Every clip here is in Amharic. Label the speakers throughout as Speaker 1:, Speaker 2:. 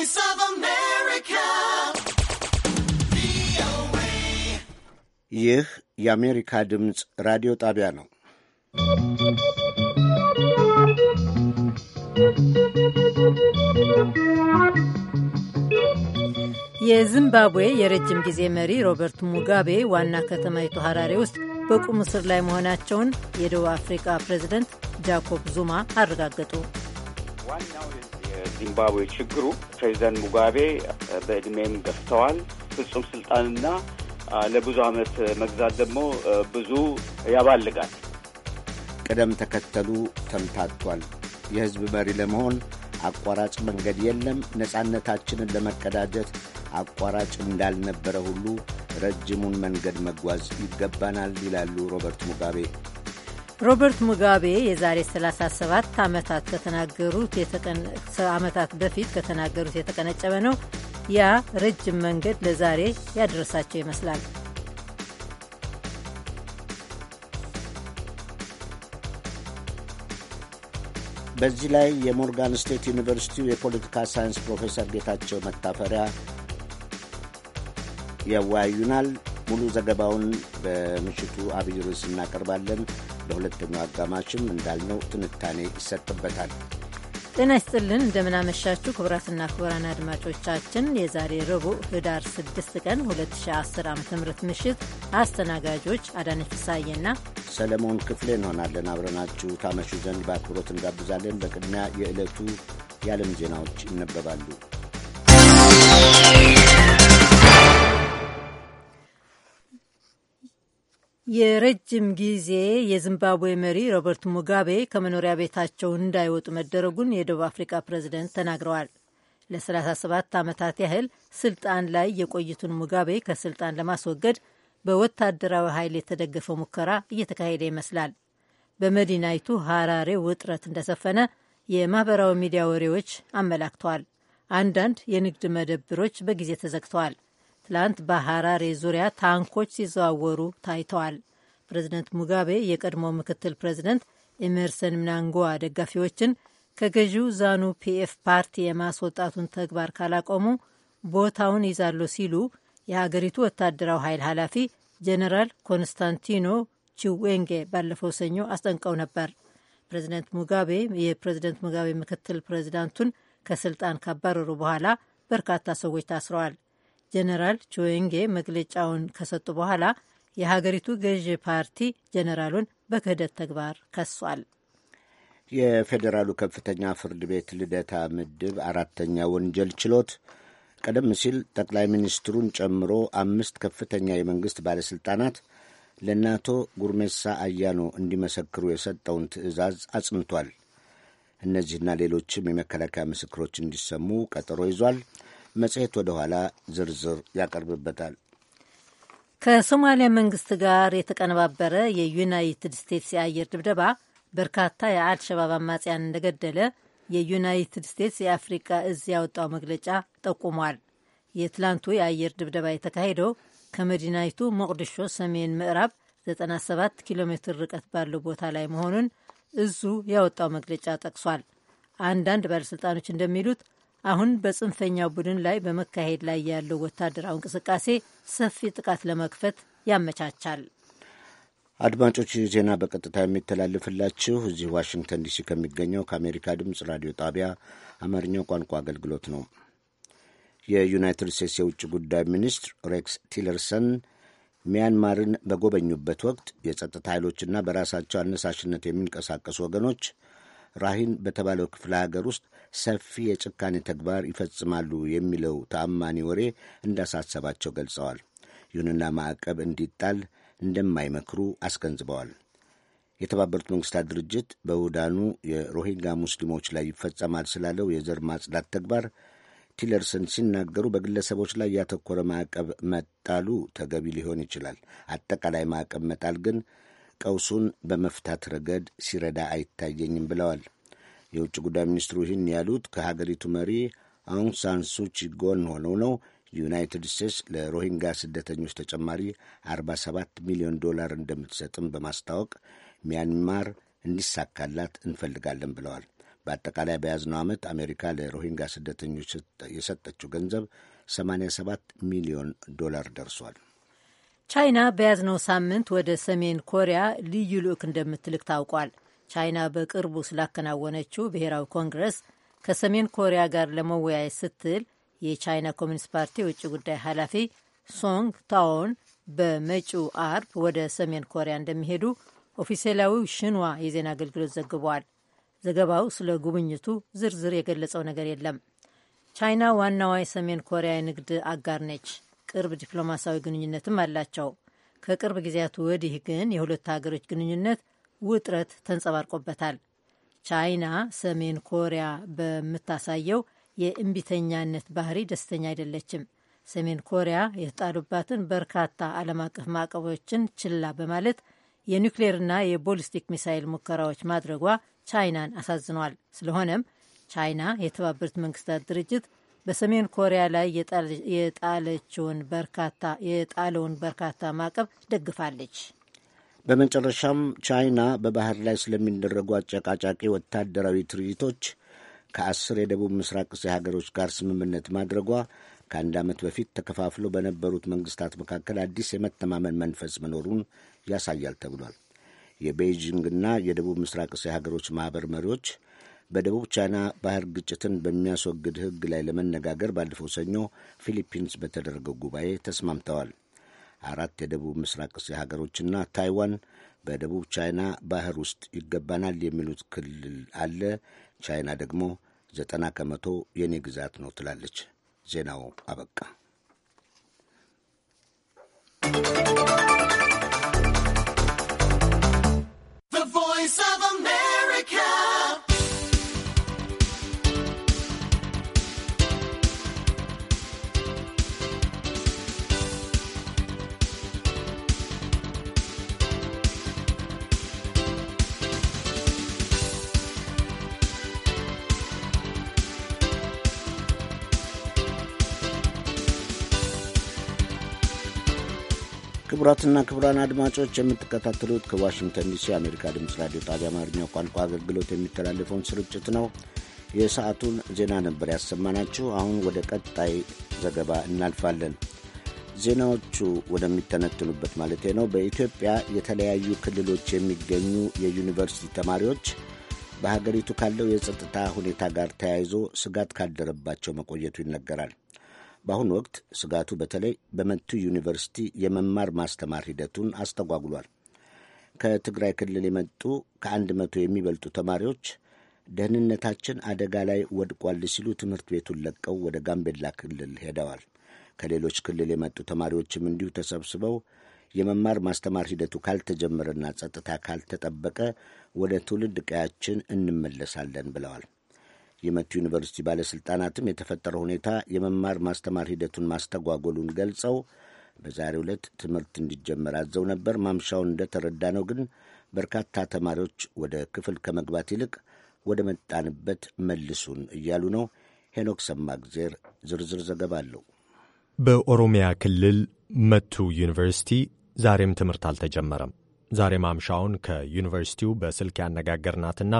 Speaker 1: Voice of America.
Speaker 2: ይህ የአሜሪካ ድምፅ ራዲዮ ጣቢያ ነው።
Speaker 3: የዚምባብዌ የረጅም ጊዜ መሪ ሮበርት ሙጋቤ ዋና ከተማይቱ ሀራሬ ውስጥ በቁም እስር ላይ መሆናቸውን የደቡብ አፍሪካ ፕሬዝደንት ጃኮብ ዙማ አረጋገጡ።
Speaker 4: የዚምባብዌ ችግሩ ፕሬዚደንት ሙጋቤ በእድሜም ገፍተዋል። ፍጹም ስልጣንና ለብዙ ዓመት መግዛት ደግሞ ብዙ ያባልጋል።
Speaker 2: ቅደም ተከተሉ ተምታቷል። የህዝብ መሪ ለመሆን አቋራጭ መንገድ የለም። ነፃነታችንን ለመቀዳጀት አቋራጭ እንዳልነበረ ሁሉ ረጅሙን መንገድ መጓዝ ይገባናል ይላሉ ሮበርት ሙጋቤ።
Speaker 3: ሮበርት ሙጋቤ የዛሬ 37 ዓመታት ከተናገሩት ዓመታት በፊት ከተናገሩት የተቀነጨበ ነው። ያ ረጅም መንገድ ለዛሬ ያደረሳቸው ይመስላል።
Speaker 2: በዚህ ላይ የሞርጋን ስቴት ዩኒቨርሲቲው የፖለቲካ ሳይንስ ፕሮፌሰር ጌታቸው መታፈሪያ ያወያዩናል። ሙሉ ዘገባውን በምሽቱ አብይ ርዕስ እናቀርባለን። በሁለተኛው አጋማሽም እንዳልነው ትንታኔ ይሰጥበታል።
Speaker 3: ጤና ይስጥልን፣ እንደምናመሻችሁ ክቡራትና ክቡራን አድማጮቻችን የዛሬ ረቡዕ ህዳር 6 ቀን 2010 ዓ ም ምሽት አስተናጋጆች አዳነች ፍሳዬና
Speaker 2: ሰለሞን ክፍሌ እንሆናለን። አብረናችሁ ታመሹ ዘንድ በአክብሮት እንጋብዛለን። በቅድሚያ የዕለቱ የዓለም ዜናዎች ይነበባሉ።
Speaker 3: የረጅም ጊዜ የዚምባብዌ መሪ ሮበርት ሙጋቤ ከመኖሪያ ቤታቸው እንዳይወጡ መደረጉን የደቡብ አፍሪካ ፕሬዝደንት ተናግረዋል። ለ37 ዓመታት ያህል ስልጣን ላይ የቆይቱን ሙጋቤ ከስልጣን ለማስወገድ በወታደራዊ ኃይል የተደገፈ ሙከራ እየተካሄደ ይመስላል። በመዲናይቱ ሀራሬ ውጥረት እንደሰፈነ የማኅበራዊ ሚዲያ ወሬዎች አመላክተዋል። አንዳንድ የንግድ መደብሮች በጊዜ ተዘግተዋል። ትላንት በሐራሬ ዙሪያ ታንኮች ሲዘዋወሩ ታይተዋል። ፕሬዚደንት ሙጋቤ የቀድሞ ምክትል ፕሬዚደንት ኤመርሰን ምናንጎዋ ደጋፊዎችን ከገዢው ዛኑ ፒኤፍ ፓርቲ የማስወጣቱን ተግባር ካላቆሙ ቦታውን ይዛሉ ሲሉ የሀገሪቱ ወታደራዊ ኃይል ኃላፊ ጀነራል ኮንስታንቲኖ ቺዌንጌ ባለፈው ሰኞ አስጠንቀው ነበር። ፕሬዚደንት ሙጋቤ የፕሬዚደንት ሙጋቤ ምክትል ፕሬዚዳንቱን ከስልጣን ካባረሩ በኋላ በርካታ ሰዎች ታስረዋል። ጀነራል ቾዌንጌ መግለጫውን ከሰጡ በኋላ የሀገሪቱ ገዢ ፓርቲ ጀነራሉን በክህደት ተግባር ከሷል።
Speaker 2: የፌዴራሉ ከፍተኛ ፍርድ ቤት ልደታ ምድብ አራተኛ ወንጀል ችሎት ቀደም ሲል ጠቅላይ ሚኒስትሩን ጨምሮ አምስት ከፍተኛ የመንግሥት ባለሥልጣናት ለእነ አቶ ጉርሜሳ አያኖ እንዲመሰክሩ የሰጠውን ትዕዛዝ አጽንቷል። እነዚህና ሌሎችም የመከላከያ ምስክሮች እንዲሰሙ ቀጠሮ ይዟል። መጽሔት ወደ ኋላ ዝርዝር ያቀርብበታል።
Speaker 3: ከሶማሊያ መንግስት ጋር የተቀነባበረ የዩናይትድ ስቴትስ የአየር ድብደባ በርካታ የአልሸባብ አማጽያን እንደገደለ የዩናይትድ ስቴትስ የአፍሪካ እዝ ያወጣው መግለጫ ጠቁሟል። የትላንቱ የአየር ድብደባ የተካሄደው ከመዲናይቱ ሞቅዲሾ ሰሜን ምዕራብ 97 ኪሎ ሜትር ርቀት ባለው ቦታ ላይ መሆኑን እዙ ያወጣው መግለጫ ጠቅሷል። አንዳንድ ባለሥልጣኖች እንደሚሉት አሁን በጽንፈኛው ቡድን ላይ በመካሄድ ላይ ያለው ወታደራዊ እንቅስቃሴ ሰፊ ጥቃት ለመክፈት ያመቻቻል።
Speaker 2: አድማጮች ይህ ዜና በቀጥታ የሚተላለፍላችሁ እዚህ ዋሽንግተን ዲሲ ከሚገኘው ከአሜሪካ ድምፅ ራዲዮ ጣቢያ አማርኛው ቋንቋ አገልግሎት ነው። የዩናይትድ ስቴትስ የውጭ ጉዳይ ሚኒስትር ሬክስ ቲለርሰን ሚያንማርን በጎበኙበት ወቅት የጸጥታ ኃይሎችና በራሳቸው አነሳሽነት የሚንቀሳቀሱ ወገኖች ራሂን በተባለው ክፍለ ሀገር ውስጥ ሰፊ የጭካኔ ተግባር ይፈጽማሉ የሚለው ተአማኒ ወሬ እንዳሳሰባቸው ገልጸዋል። ይሁንና ማዕቀብ እንዲጣል እንደማይመክሩ አስገንዝበዋል። የተባበሩት መንግስታት ድርጅት በውዳኑ የሮሂንጋ ሙስሊሞች ላይ ይፈጸማል ስላለው የዘር ማጽዳት ተግባር ቲለርሰን ሲናገሩ በግለሰቦች ላይ ያተኮረ ማዕቀብ መጣሉ ተገቢ ሊሆን ይችላል። አጠቃላይ ማዕቀብ መጣል ግን ቀውሱን በመፍታት ረገድ ሲረዳ አይታየኝም ብለዋል። የውጭ ጉዳይ ሚኒስትሩ ይህን ያሉት ከሀገሪቱ መሪ አውንግ ሳን ሱቺ ጎን ሆነው ነው። ዩናይትድ ስቴትስ ለሮሂንጋ ስደተኞች ተጨማሪ 47 ሚሊዮን ዶላር እንደምትሰጥም በማስታወቅ ሚያንማር እንዲሳካላት እንፈልጋለን ብለዋል። በአጠቃላይ በያዝነው ዓመት አሜሪካ ለሮሂንጋ ስደተኞች የሰጠችው ገንዘብ 87 ሚሊዮን ዶላር ደርሷል።
Speaker 3: ቻይና በያዝነው ሳምንት ወደ ሰሜን ኮሪያ ልዩ ልዑክ እንደምትልክ ታውቋል። ቻይና በቅርቡ ስላከናወነችው ብሔራዊ ኮንግረስ ከሰሜን ኮሪያ ጋር ለመወያየት ስትል የቻይና ኮሚኒስት ፓርቲ የውጭ ጉዳይ ኃላፊ ሶንግ ታዎን በመጪው አርብ ወደ ሰሜን ኮሪያ እንደሚሄዱ ኦፊሴላዊው ሽንዋ የዜና አገልግሎት ዘግቧል። ዘገባው ስለ ጉብኝቱ ዝርዝር የገለጸው ነገር የለም። ቻይና ዋናዋ የሰሜን ኮሪያ የንግድ አጋር ነች። ቅርብ ዲፕሎማሲያዊ ግንኙነትም አላቸው። ከቅርብ ጊዜያት ወዲህ ግን የሁለቱ ሀገሮች ግንኙነት ውጥረት ተንጸባርቆበታል። ቻይና ሰሜን ኮሪያ በምታሳየው የእምቢተኛነት ባህሪ ደስተኛ አይደለችም። ሰሜን ኮሪያ የተጣሉባትን በርካታ ዓለም አቀፍ ማዕቀቦችን ችላ በማለት የኒውክሌርና የቦሊስቲክ ሚሳይል ሙከራዎች ማድረጓ ቻይናን አሳዝኗል። ስለሆነም ቻይና የተባበሩት መንግስታት ድርጅት በሰሜን ኮሪያ ላይ የጣለችውን በርካታ የጣለውን በርካታ ማዕቀብ ደግፋለች።
Speaker 2: በመጨረሻም ቻይና በባህር ላይ ስለሚደረጉ አጨቃጫቂ ወታደራዊ ትርኢቶች ከአስር የደቡብ ምስራቅ እስያ ሀገሮች ጋር ስምምነት ማድረጓ ከአንድ ዓመት በፊት ተከፋፍሎ በነበሩት መንግስታት መካከል አዲስ የመተማመን መንፈስ መኖሩን ያሳያል ተብሏል። የቤይጂንግና የደቡብ ምስራቅ እስያ ሀገሮች ማኅበር መሪዎች በደቡብ ቻይና ባህር ግጭትን በሚያስወግድ ሕግ ላይ ለመነጋገር ባለፈው ሰኞ ፊሊፒንስ በተደረገው ጉባኤ ተስማምተዋል። አራት የደቡብ ምስራቅ እስያ ሀገሮችና ታይዋን በደቡብ ቻይና ባህር ውስጥ ይገባናል የሚሉት ክልል አለ። ቻይና ደግሞ ዘጠና ከመቶ የኔ ግዛት ነው ትላለች። ዜናው አበቃ። ክቡራትና ክቡራን አድማጮች የምትከታተሉት ከዋሽንግተን ዲሲ የአሜሪካ ድምፅ ራዲዮ ጣቢያ አማርኛ ቋንቋ አገልግሎት የሚተላለፈውን ስርጭት ነው። የሰዓቱን ዜና ነበር ያሰማናችሁ። አሁን ወደ ቀጣይ ዘገባ እናልፋለን። ዜናዎቹ ወደሚተነትኑበት ማለቴ ነው። በኢትዮጵያ የተለያዩ ክልሎች የሚገኙ የዩኒቨርሲቲ ተማሪዎች በሀገሪቱ ካለው የጸጥታ ሁኔታ ጋር ተያይዞ ስጋት ካደረባቸው መቆየቱ ይነገራል። በአሁኑ ወቅት ስጋቱ በተለይ በመቱ ዩኒቨርሲቲ የመማር ማስተማር ሂደቱን አስተጓጉሏል። ከትግራይ ክልል የመጡ ከአንድ መቶ የሚበልጡ ተማሪዎች ደህንነታችን አደጋ ላይ ወድቋል ሲሉ ትምህርት ቤቱን ለቀው ወደ ጋምቤላ ክልል ሄደዋል። ከሌሎች ክልል የመጡ ተማሪዎችም እንዲሁ ተሰብስበው የመማር ማስተማር ሂደቱ ካልተጀመረና ጸጥታ ካልተጠበቀ ወደ ትውልድ ቀያችን እንመለሳለን ብለዋል። የመቱ ዩኒቨርሲቲ ባለሥልጣናትም የተፈጠረው ሁኔታ የመማር ማስተማር ሂደቱን ማስተጓጎሉን ገልጸው በዛሬው ዕለት ትምህርት እንዲጀመር አዘው ነበር። ማምሻውን እንደተረዳ ነው ግን በርካታ ተማሪዎች ወደ ክፍል ከመግባት ይልቅ ወደ መጣንበት መልሱን እያሉ ነው። ሄኖክ ሰማግዜር ዝርዝር ዘገባ አለው።
Speaker 5: በኦሮሚያ ክልል መቱ ዩኒቨርሲቲ ዛሬም ትምህርት አልተጀመረም። ዛሬ ማምሻውን ከዩኒቨርሲቲው በስልክ ያነጋገርናትና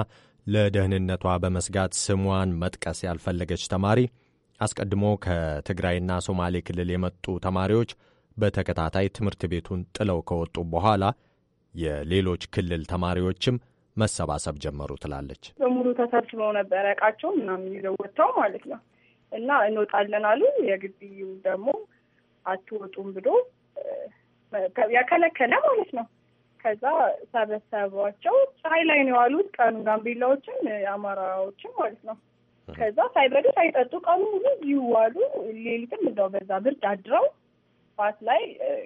Speaker 5: ለደህንነቷ በመስጋት ስሟን መጥቀስ ያልፈለገች ተማሪ አስቀድሞ ከትግራይና ሶማሌ ክልል የመጡ ተማሪዎች በተከታታይ ትምህርት ቤቱን ጥለው ከወጡ በኋላ የሌሎች ክልል ተማሪዎችም መሰባሰብ ጀመሩ ትላለች።
Speaker 6: በሙሉ ተሰብስበው ነበረ እቃቸው ምናምን ይዘው ወጥተው ማለት ነው እና እንወጣለን አሉ። የግቢው ደግሞ አትወጡም ብሎ ያከለከለ ማለት ነው። ከዛ ሰበሰቧቸው። ፀሐይ ላይ ነው የዋሉት ቀኑ ጋምቤላዎችን አማራዎችን ማለት ነው። ከዛ ሳይበሉ ሳይጠጡ ቀኑ ሙሉ ይዋሉ፣ ሌሊትም እዛው በዛ ብርድ አድረው ጠዋት ላይ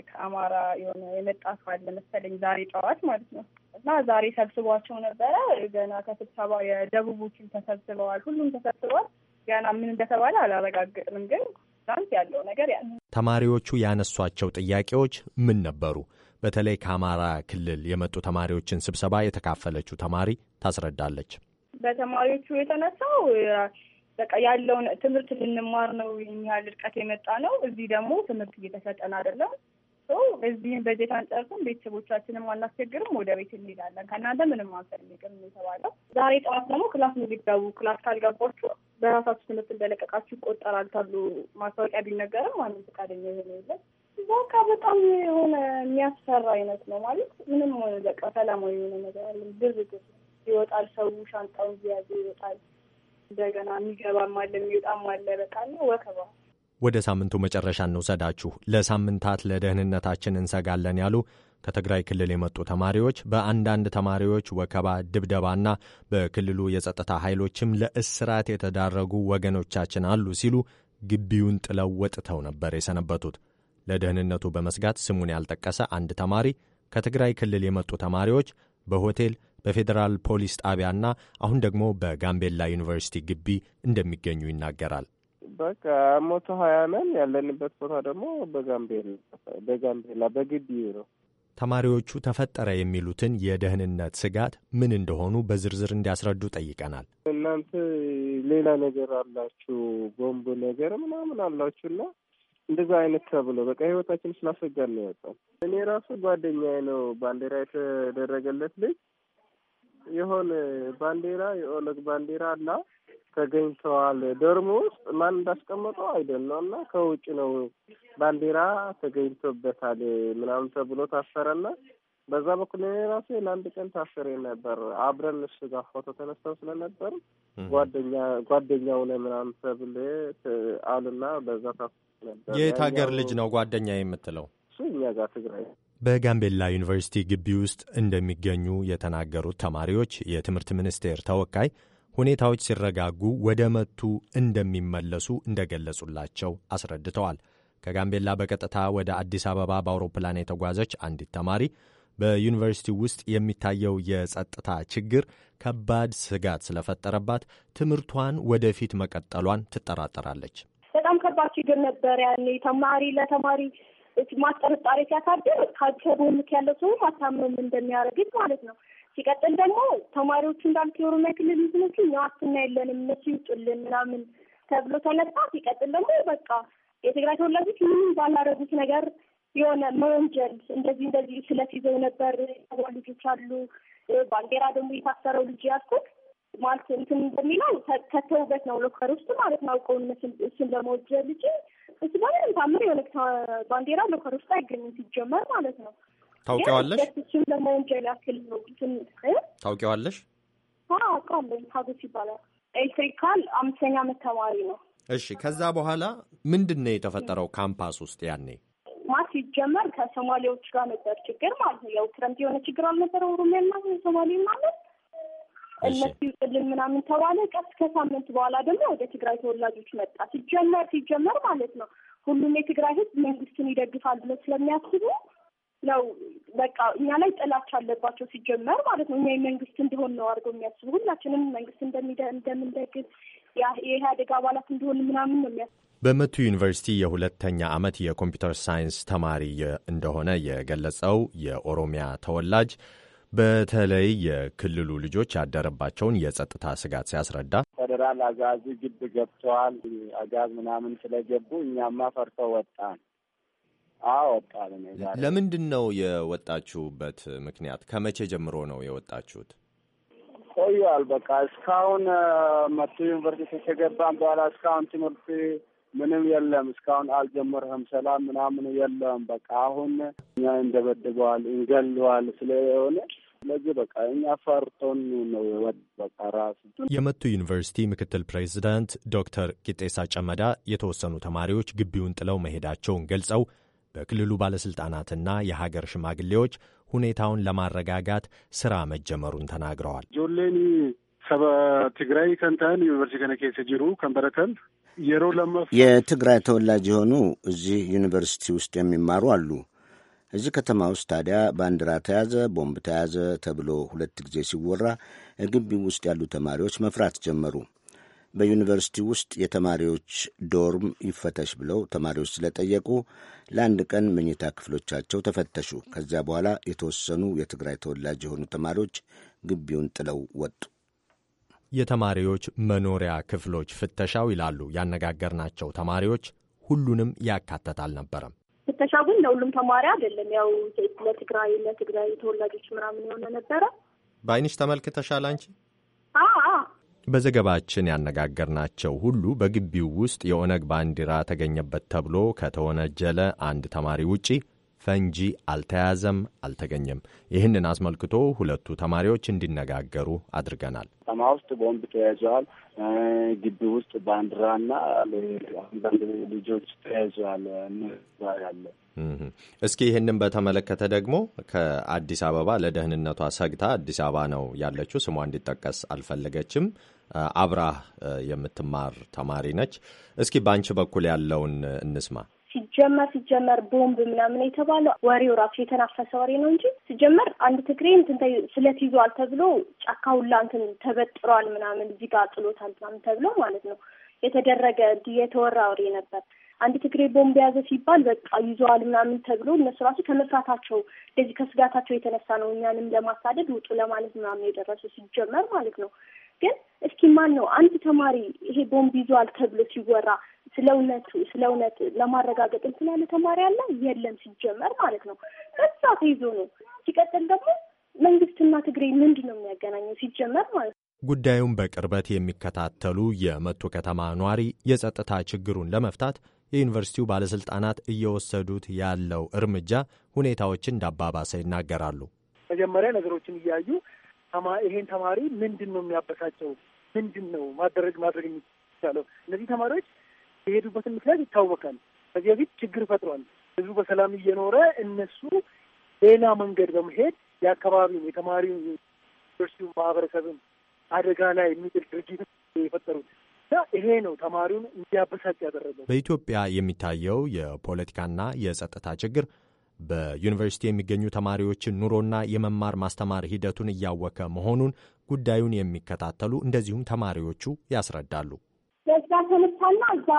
Speaker 6: ከአማራ የሆነ የመጣ ሰው አለ መሰለኝ ዛሬ ጠዋት ማለት ነው። እና ዛሬ ሰብስቧቸው ነበረ። ገና ከስብሰባ የደቡቦችን ተሰብስበዋል፣ ሁሉም ተሰብስበዋል። ገና ምን እንደተባለ አላረጋግጥም ግን ትናንት ያለው ነገር ያ
Speaker 5: ተማሪዎቹ ያነሷቸው ጥያቄዎች ምን ነበሩ? በተለይ ከአማራ ክልል የመጡ ተማሪዎችን ስብሰባ የተካፈለችው ተማሪ ታስረዳለች።
Speaker 6: በተማሪዎቹ የተነሳው በቃ ያለውን ትምህርት ልንማር ነው የሚያል ልርቀት የመጣ ነው። እዚህ ደግሞ ትምህርት እየተሰጠን አይደለም። እዚህም በጀት አንጨርስም፣ ቤተሰቦቻችንም አናስቸግርም፣ ወደ ቤት እንሄዳለን፣ ከእናንተ ምንም አንፈልግም የተባለው
Speaker 7: ዛሬ ጠዋት ደግሞ
Speaker 6: ክላስ እንዲገቡ ክላስ ካልገባችሁ በራሳችሁ ትምህርት እንደለቀቃችሁ ይቆጠራል ተብሎ ማስታወቂያ ቢነገርም ማንም ፈቃደኛ የሆነ የለም። በቃ በጣም የሆነ የሚያስፈራ አይነት ነው ማለት ምንም ሆነ በቃ ሰላማዊ የሆነ ነገር አለ። ግርግር ይወጣል፣ ሰው ሻንጣውን እየያዘ ይወጣል። እንደገና የሚገባም አለ የሚወጣም አለ። በቃ ነው ወከባ
Speaker 5: ወደ ሳምንቱ መጨረሻ እንውሰዳችሁ። ለሳምንታት ለደህንነታችን እንሰጋለን ያሉ ከትግራይ ክልል የመጡ ተማሪዎች በአንዳንድ ተማሪዎች ወከባ፣ ድብደባና በክልሉ የጸጥታ ኃይሎችም ለእስራት የተዳረጉ ወገኖቻችን አሉ ሲሉ ግቢውን ጥለው ወጥተው ነበር የሰነበቱት። ለደህንነቱ በመስጋት ስሙን ያልጠቀሰ አንድ ተማሪ ከትግራይ ክልል የመጡ ተማሪዎች በሆቴል በፌዴራል ፖሊስ ጣቢያና አሁን ደግሞ በጋምቤላ ዩኒቨርሲቲ ግቢ እንደሚገኙ ይናገራል።
Speaker 8: በቃ መቶ ሀያ ነን። ያለንበት ቦታ ደግሞ በጋምቤላ በጋምቤላ በግቢ ነው።
Speaker 5: ተማሪዎቹ ተፈጠረ የሚሉትን የደህንነት ስጋት ምን እንደሆኑ በዝርዝር እንዲያስረዱ ጠይቀናል።
Speaker 8: እናንተ ሌላ ነገር አላችሁ ቦምብ ነገር ምናምን አላችሁና እንደዛ አይነት ተብሎ በቃ ህይወታችን ስላሰጋን ነው ያወጣው። እኔ ራሱ ጓደኛዬ ነው ባንዲራ የተደረገለት ልጅ የሆነ ባንዲራ የኦነግ ባንዲራ እና ተገኝተዋል ዶርም ውስጥ ማን እንዳስቀመጠው አይደለም እና ከውጭ ነው ባንዲራ ተገኝቶበታል ምናምን ተብሎ ታሰረና በዛ በኩል እኔ ራሴ ለአንድ ቀን ታስሬ ነበር። አብረን እሱ ጋር ፎቶ ተነስተው ስለነበር ጓደኛ ጓደኛው ነህ ምናምን ተብሎ አሉና በዛ
Speaker 5: የት ሀገር ልጅ ነው ጓደኛ የምትለው? በጋምቤላ ዩኒቨርሲቲ ግቢ ውስጥ እንደሚገኙ የተናገሩት ተማሪዎች የትምህርት ሚኒስቴር ተወካይ ሁኔታዎች ሲረጋጉ ወደ መቱ እንደሚመለሱ እንደገለጹላቸው አስረድተዋል። ከጋምቤላ በቀጥታ ወደ አዲስ አበባ በአውሮፕላን የተጓዘች አንዲት ተማሪ በዩኒቨርሲቲ ውስጥ የሚታየው የጸጥታ ችግር ከባድ ስጋት ስለፈጠረባት ትምህርቷን ወደፊት መቀጠሏን ትጠራጠራለች።
Speaker 7: በጣም ከባድ ችግር ነበር። ያኔ ተማሪ ለተማሪ ማስጠርጣሪ ሲያሳድር ካቸሩ ምክ ያለው ሰው አታምም እንደሚያደርግት ማለት ነው። ሲቀጥል ደግሞ ተማሪዎቹ እንዳልክ የኦሮሚያ ክልል ምስመስል ዋስትና የለንም እነሱ ይውጡልን ምናምን ተብሎ ተነሳ። ሲቀጥል ደግሞ በቃ የትግራይ ተወላጆች ምንም ባላረጉት ነገር የሆነ መወንጀል እንደዚህ እንደዚህ ስለት ይዘው ነበር ልጆች አሉ ባንዴራ ደግሞ የታሰረው ልጅ ያልኩት ማለት እንትን እንደሚለው ከተውበት ነው ሎከር ውስጥ ማለት ነው አውቀው እሱን ለመወጀ ልጅ እሱ በምንም ታምር የሆነ ባንዴራ ሎከር ውስጥ አይገኝም ሲጀመር ማለት ነው። ታውቂዋለሽ? እሱም ለመወንጀል ያክል ነው። ታውቂዋለሽ? አውቃለሁ። ታጎስ ይባላል። ኤሌክትሪካል አምስተኛ ዓመት ተማሪ ነው።
Speaker 5: እሺ፣ ከዛ በኋላ ምንድን ነው የተፈጠረው ካምፓስ ውስጥ ያኔ?
Speaker 7: ማት ሲጀመር ከሶማሌዎች ጋር ነበር ችግር ማለት ነው። ያው ክረምት የሆነ ችግር አልነበረ ኦሮሚያና ሶማሌ ማለት እነሱ ይውጥልን ምናምን ተባለ። ቀስ ከሳምንት በኋላ ደግሞ ወደ ትግራይ ተወላጆች መጣ። ሲጀመር ሲጀመር ማለት ነው ሁሉም የትግራይ ህዝብ መንግስትን ይደግፋል ብሎ ስለሚያስቡ ነው። በቃ እኛ ላይ ጥላቻ አለባቸው ሲጀመር ማለት ነው። እኛ የመንግስት እንደሆን ነው አድርገው የሚያስቡ ሁላችንም መንግስት እንደምንደግፍ የኢህአዴግ አባላት እንደሆን ምናምን ነው የሚያስቡ።
Speaker 5: በመቱ ዩኒቨርሲቲ የሁለተኛ ዓመት የኮምፒውተር ሳይንስ ተማሪ እንደሆነ የገለጸው የኦሮሚያ ተወላጅ በተለይ የክልሉ ልጆች ያደረባቸውን የጸጥታ ስጋት ሲያስረዳ
Speaker 8: ፌደራል አጋዚ ግብ ገብተዋል አጋዝ ምናምን ስለገቡ እኛማ ፈርተው ወጣን። አዎ
Speaker 5: ለምንድን ነው የወጣችሁበት ምክንያት? ከመቼ ጀምሮ ነው የወጣችሁት?
Speaker 8: ቆያል። በቃ እስካሁን መቶ ዩኒቨርሲቲ ከገባን በኋላ እስካሁን ትምህርት ምንም የለም። እስካሁን አልጀመርህም ሰላም ምናምን የለም። በቃ አሁን እኛ እንደበድበዋል እንገልዋል ስለሆነ ስለዚህ በቃ እኛ ፈርቶን ነው
Speaker 5: በቃ ራሱ የመቱ ዩኒቨርሲቲ ምክትል ፕሬዚዳንት ዶክተር ቂጤሳ ጨመዳ የተወሰኑ ተማሪዎች ግቢውን ጥለው መሄዳቸውን ገልጸው በክልሉ ባለስልጣናትና የሀገር ሽማግሌዎች ሁኔታውን ለማረጋጋት ስራ መጀመሩን ተናግረዋል።
Speaker 9: ጆሌኒ ሰበ ትግራይ ከንተን ዩኒቨርሲቲ ከነ ኬሰ ጅሩ ከንበረተን የሮ ለመ
Speaker 2: የትግራይ ተወላጅ የሆኑ እዚህ ዩኒቨርሲቲ ውስጥ የሚማሩ አሉ። እዚህ ከተማ ውስጥ ታዲያ ባንዲራ ተያዘ፣ ቦምብ ተያዘ ተብሎ ሁለት ጊዜ ሲወራ ግቢው ውስጥ ያሉ ተማሪዎች መፍራት ጀመሩ። በዩኒቨርሲቲ ውስጥ የተማሪዎች ዶርም ይፈተሽ ብለው ተማሪዎች ስለጠየቁ ለአንድ ቀን መኝታ ክፍሎቻቸው ተፈተሹ። ከዚያ በኋላ የተወሰኑ የትግራይ ተወላጅ የሆኑ ተማሪዎች ግቢውን ጥለው ወጡ።
Speaker 5: የተማሪዎች መኖሪያ ክፍሎች ፍተሻው ይላሉ ያነጋገርናቸው ተማሪዎች ሁሉንም ያካተት አልነበረም።
Speaker 7: ፍተሻ ግን ለሁሉም ተማሪ አይደለም። ያው ለትግራይ ለትግራይ ተወላጆች ምናምን የሆነ ነበረ።
Speaker 5: በአይንሽ ተመልክተሻል አንቺ? በዘገባችን ያነጋገርናቸው ሁሉ በግቢው ውስጥ የኦነግ ባንዲራ ተገኘበት ተብሎ ከተወነጀለ አንድ ተማሪ ውጪ ፈንጂ አልተያዘም፣ አልተገኘም። ይህንን አስመልክቶ ሁለቱ ተማሪዎች እንዲነጋገሩ አድርገናል።
Speaker 8: ተማ ውስጥ ቦምብ ተያይዘዋል፣ ግቢ ውስጥ ባንዲራና አንዳንድ ልጆች ተያይዘዋል ያለ
Speaker 5: እስኪ ይህንን በተመለከተ ደግሞ ከአዲስ አበባ ለደህንነቷ ሰግታ አዲስ አበባ ነው ያለችው፣ ስሟ እንዲጠቀስ አልፈለገችም። አብራህ የምትማር ተማሪ ነች። እስኪ በአንቺ በኩል ያለውን እንስማ።
Speaker 7: ሲጀመር ሲጀመር ቦምብ ምናምን የተባለው ወሬው ራሱ የተናፈሰ ወሬ ነው እንጂ ሲጀመር አንድ ትግሬ እንትን ስለት ይዟል ተብሎ ጫካ ሁላ እንትን ተበጥሯል ምናምን እዚህ ጋር ጥሎታል ምናምን ተብሎ ማለት ነው የተደረገ የተወራ ወሬ ነበር። አንድ ትግሬ ቦምብ የያዘ ሲባል በቃ ይዘዋል ምናምን ተብሎ እነሱ ራሱ ከመፍራታቸው እንደዚህ ከስጋታቸው የተነሳ ነው እኛንም ለማሳደድ ውጡ ለማለት ምናምን የደረሱ ሲጀመር ማለት ነው። ግን እስኪ ማን ነው አንድ ተማሪ ይሄ ቦምብ ይዟል ተብሎ ሲወራ ስለ እውነቱ ስለ እውነት ለማረጋገጥ እንትን ያለ ተማሪ አለ የለም ሲጀመር ማለት ነው። በዛ ተይዞ ነው። ሲቀጥል ደግሞ መንግስትና ትግሬ ምንድን ነው የሚያገናኘው ሲጀመር ማለት
Speaker 5: ነው። ጉዳዩን በቅርበት የሚከታተሉ የመቱ ከተማ ኗሪ የጸጥታ ችግሩን ለመፍታት የዩኒቨርሲቲው ባለስልጣናት እየወሰዱት ያለው እርምጃ ሁኔታዎችን እንዳባባሰ ይናገራሉ።
Speaker 8: መጀመሪያ ነገሮችን እያዩ ይሄን ተማሪ ምንድን ነው የሚያበሳጨው? ምንድን ነው ማደረግ ማድረግ የሚቻለው? እነዚህ ተማሪዎች የሄዱበትን ምክንያት ይታወቃል። ከዚህ በፊት ችግር ፈጥሯል። ህዝቡ በሰላም እየኖረ እነሱ ሌላ መንገድ በመሄድ የአካባቢውን የተማሪውን ዩኒቨርሲቲውን ማህበረሰብን አደጋ ላይ የሚጥል ድርጊት የፈጠሩት እና ይሄ ነው ተማሪውን እንዲያበሳጭ ያደረገው።
Speaker 5: በኢትዮጵያ የሚታየው የፖለቲካና የጸጥታ ችግር በዩኒቨርሲቲ የሚገኙ ተማሪዎችን ኑሮና የመማር ማስተማር ሂደቱን እያወከ መሆኑን ጉዳዩን የሚከታተሉ እንደዚሁም ተማሪዎቹ ያስረዳሉ።
Speaker 7: በዛ ተነሳና እዛ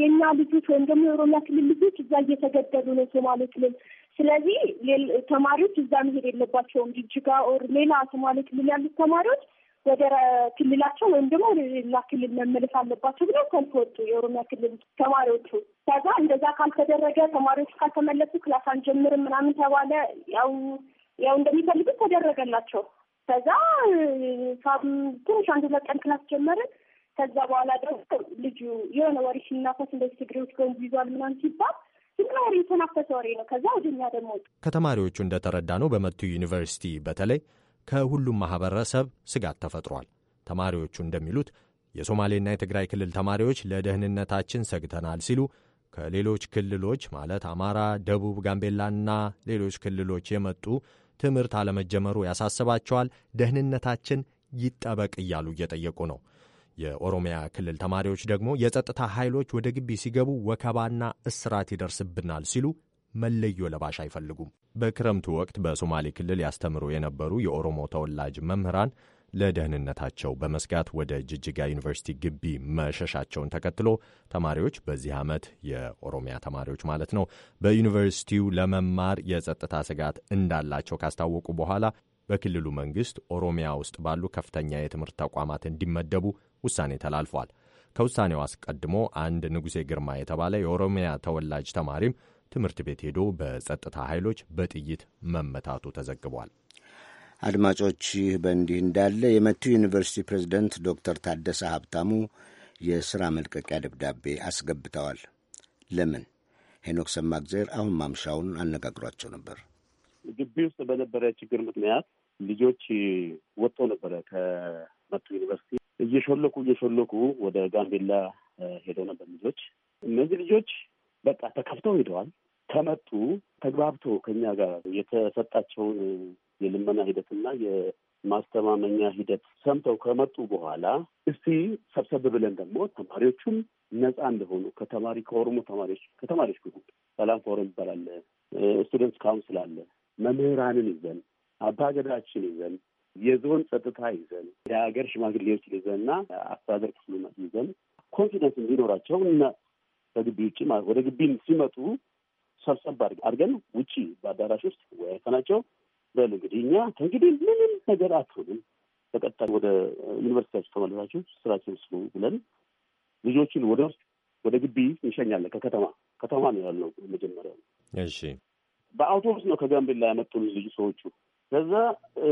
Speaker 7: የእኛ ልጆች ወይም ደግሞ የኦሮሚያ ክልል ልጆች እዛ እየተገደሉ ነው ሶማሌ ክልል። ስለዚህ ተማሪዎች እዛ መሄድ የለባቸውም። ጅጅጋ ኦር ሌላ ሶማሌ ክልል ያሉት ተማሪዎች ወደ ክልላቸው ወይም ደግሞ ሌላ ክልል መመለስ አለባቸው ብለው ሰልፍ ወጡ። የኦሮሚያ ክልል ተማሪዎቹ ከዛ እንደዛ ካልተደረገ ተማሪዎቹ ካልተመለሱ ክላስ አንጀምርም ምናምን ተባለ። ያው ያው እንደሚፈልጉት ተደረገላቸው። ከዛ ትንሽ አንድ ሁለት ቀን ክላስ ጀመርን። ከዛ በኋላ ደግሞ ልጁ የሆነ ወሬ ሲናፈስ እንደዚህ ትግሬዎች ገንዙ ይዟል ምናምን ሲባል ዝም ወሬ የተናፈሰ ወሬ ነው። ከዛ ወደኛ ደግሞ
Speaker 5: ከተማሪዎቹ እንደተረዳ ነው በመቱ ዩኒቨርሲቲ በተለይ ከሁሉም ማህበረሰብ ስጋት ተፈጥሯል። ተማሪዎቹ እንደሚሉት የሶማሌና የትግራይ ክልል ተማሪዎች ለደህንነታችን ሰግተናል ሲሉ ከሌሎች ክልሎች ማለት አማራ፣ ደቡብ፣ ጋምቤላና ሌሎች ክልሎች የመጡ ትምህርት አለመጀመሩ ያሳስባቸዋል። ደህንነታችን ይጠበቅ እያሉ እየጠየቁ ነው። የኦሮሚያ ክልል ተማሪዎች ደግሞ የጸጥታ ኃይሎች ወደ ግቢ ሲገቡ ወከባና እስራት ይደርስብናል ሲሉ መለዮ ለባሽ አይፈልጉም። በክረምቱ ወቅት በሶማሌ ክልል ያስተምሩ የነበሩ የኦሮሞ ተወላጅ መምህራን ለደህንነታቸው በመስጋት ወደ ጅጅጋ ዩኒቨርሲቲ ግቢ መሸሻቸውን ተከትሎ ተማሪዎች በዚህ ዓመት የኦሮሚያ ተማሪዎች ማለት ነው በዩኒቨርሲቲው ለመማር የጸጥታ ስጋት እንዳላቸው ካስታወቁ በኋላ በክልሉ መንግስት ኦሮሚያ ውስጥ ባሉ ከፍተኛ የትምህርት ተቋማት እንዲመደቡ ውሳኔ ተላልፏል። ከውሳኔው አስቀድሞ አንድ ንጉሴ ግርማ የተባለ የኦሮሚያ ተወላጅ ተማሪም ትምህርት ቤት ሄዶ በጸጥታ ኃይሎች በጥይት መመታቱ ተዘግቧል።
Speaker 2: አድማጮች፣ ይህ በእንዲህ እንዳለ የመቱ ዩኒቨርሲቲ ፕሬዝደንት ዶክተር ታደሰ ሀብታሙ የሥራ መልቀቂያ ደብዳቤ አስገብተዋል። ለምን? ሄኖክ ሰማግዜር አሁን ማምሻውን አነጋግሯቸው ነበር።
Speaker 10: ግቢ ውስጥ በነበረ ችግር ምክንያት ልጆች ወጥቶ ነበረ ከመቱ ዩኒቨርሲቲ እየሾለኩ እየሾለኩ ወደ ጋምቤላ ሄደው ነበር ልጆች። እነዚህ ልጆች በቃ ተከፍተው ሄደዋል። ከመጡ ተግባብቶ ከኛ ጋር የተሰጣቸውን የልመና ሂደትና የማስተማመኛ ሂደት ሰምተው ከመጡ በኋላ እስቲ ሰብሰብ ብለን ደግሞ ተማሪዎቹም ነፃ እንደሆኑ ከተማሪ ከኦሮሞ ተማሪዎች ከተማሪዎች ግሩፕ ሰላም ፎረም ይባላል፣ ስቱደንትስ ካውንስል አለ፣ መምህራንን ይዘን አባገዳችን ይዘን የዞን ጸጥታ ይዘን የሀገር ሽማግሌዎች ይዘን ይዘንና አስተዳደር ክፍሉ ይዘን ኮንፊደንስ እንዲኖራቸው እና ከግቢ ውጭ ወደ ግቢ ሲመጡ ሰብሰብ አድርገን ውጭ በአዳራሽ ውስጥ ወያይተናቸው በል እንግዲህ እኛ ከእንግዲህ ምንም ነገር አትሆንም፣ በቀጥታ ወደ ዩኒቨርሲቲያችሁ ተመለሳችሁ ስራችን ስሉ ብለን ልጆችን ወደ ውስጥ ወደ ግቢ እንሸኛለን። ከከተማ ከተማ ነው ያለው መጀመሪያ። እሺ፣ በአውቶቡስ ነው ከጋምቤላ ያመጡን ልዩ ሰዎቹ ከዛ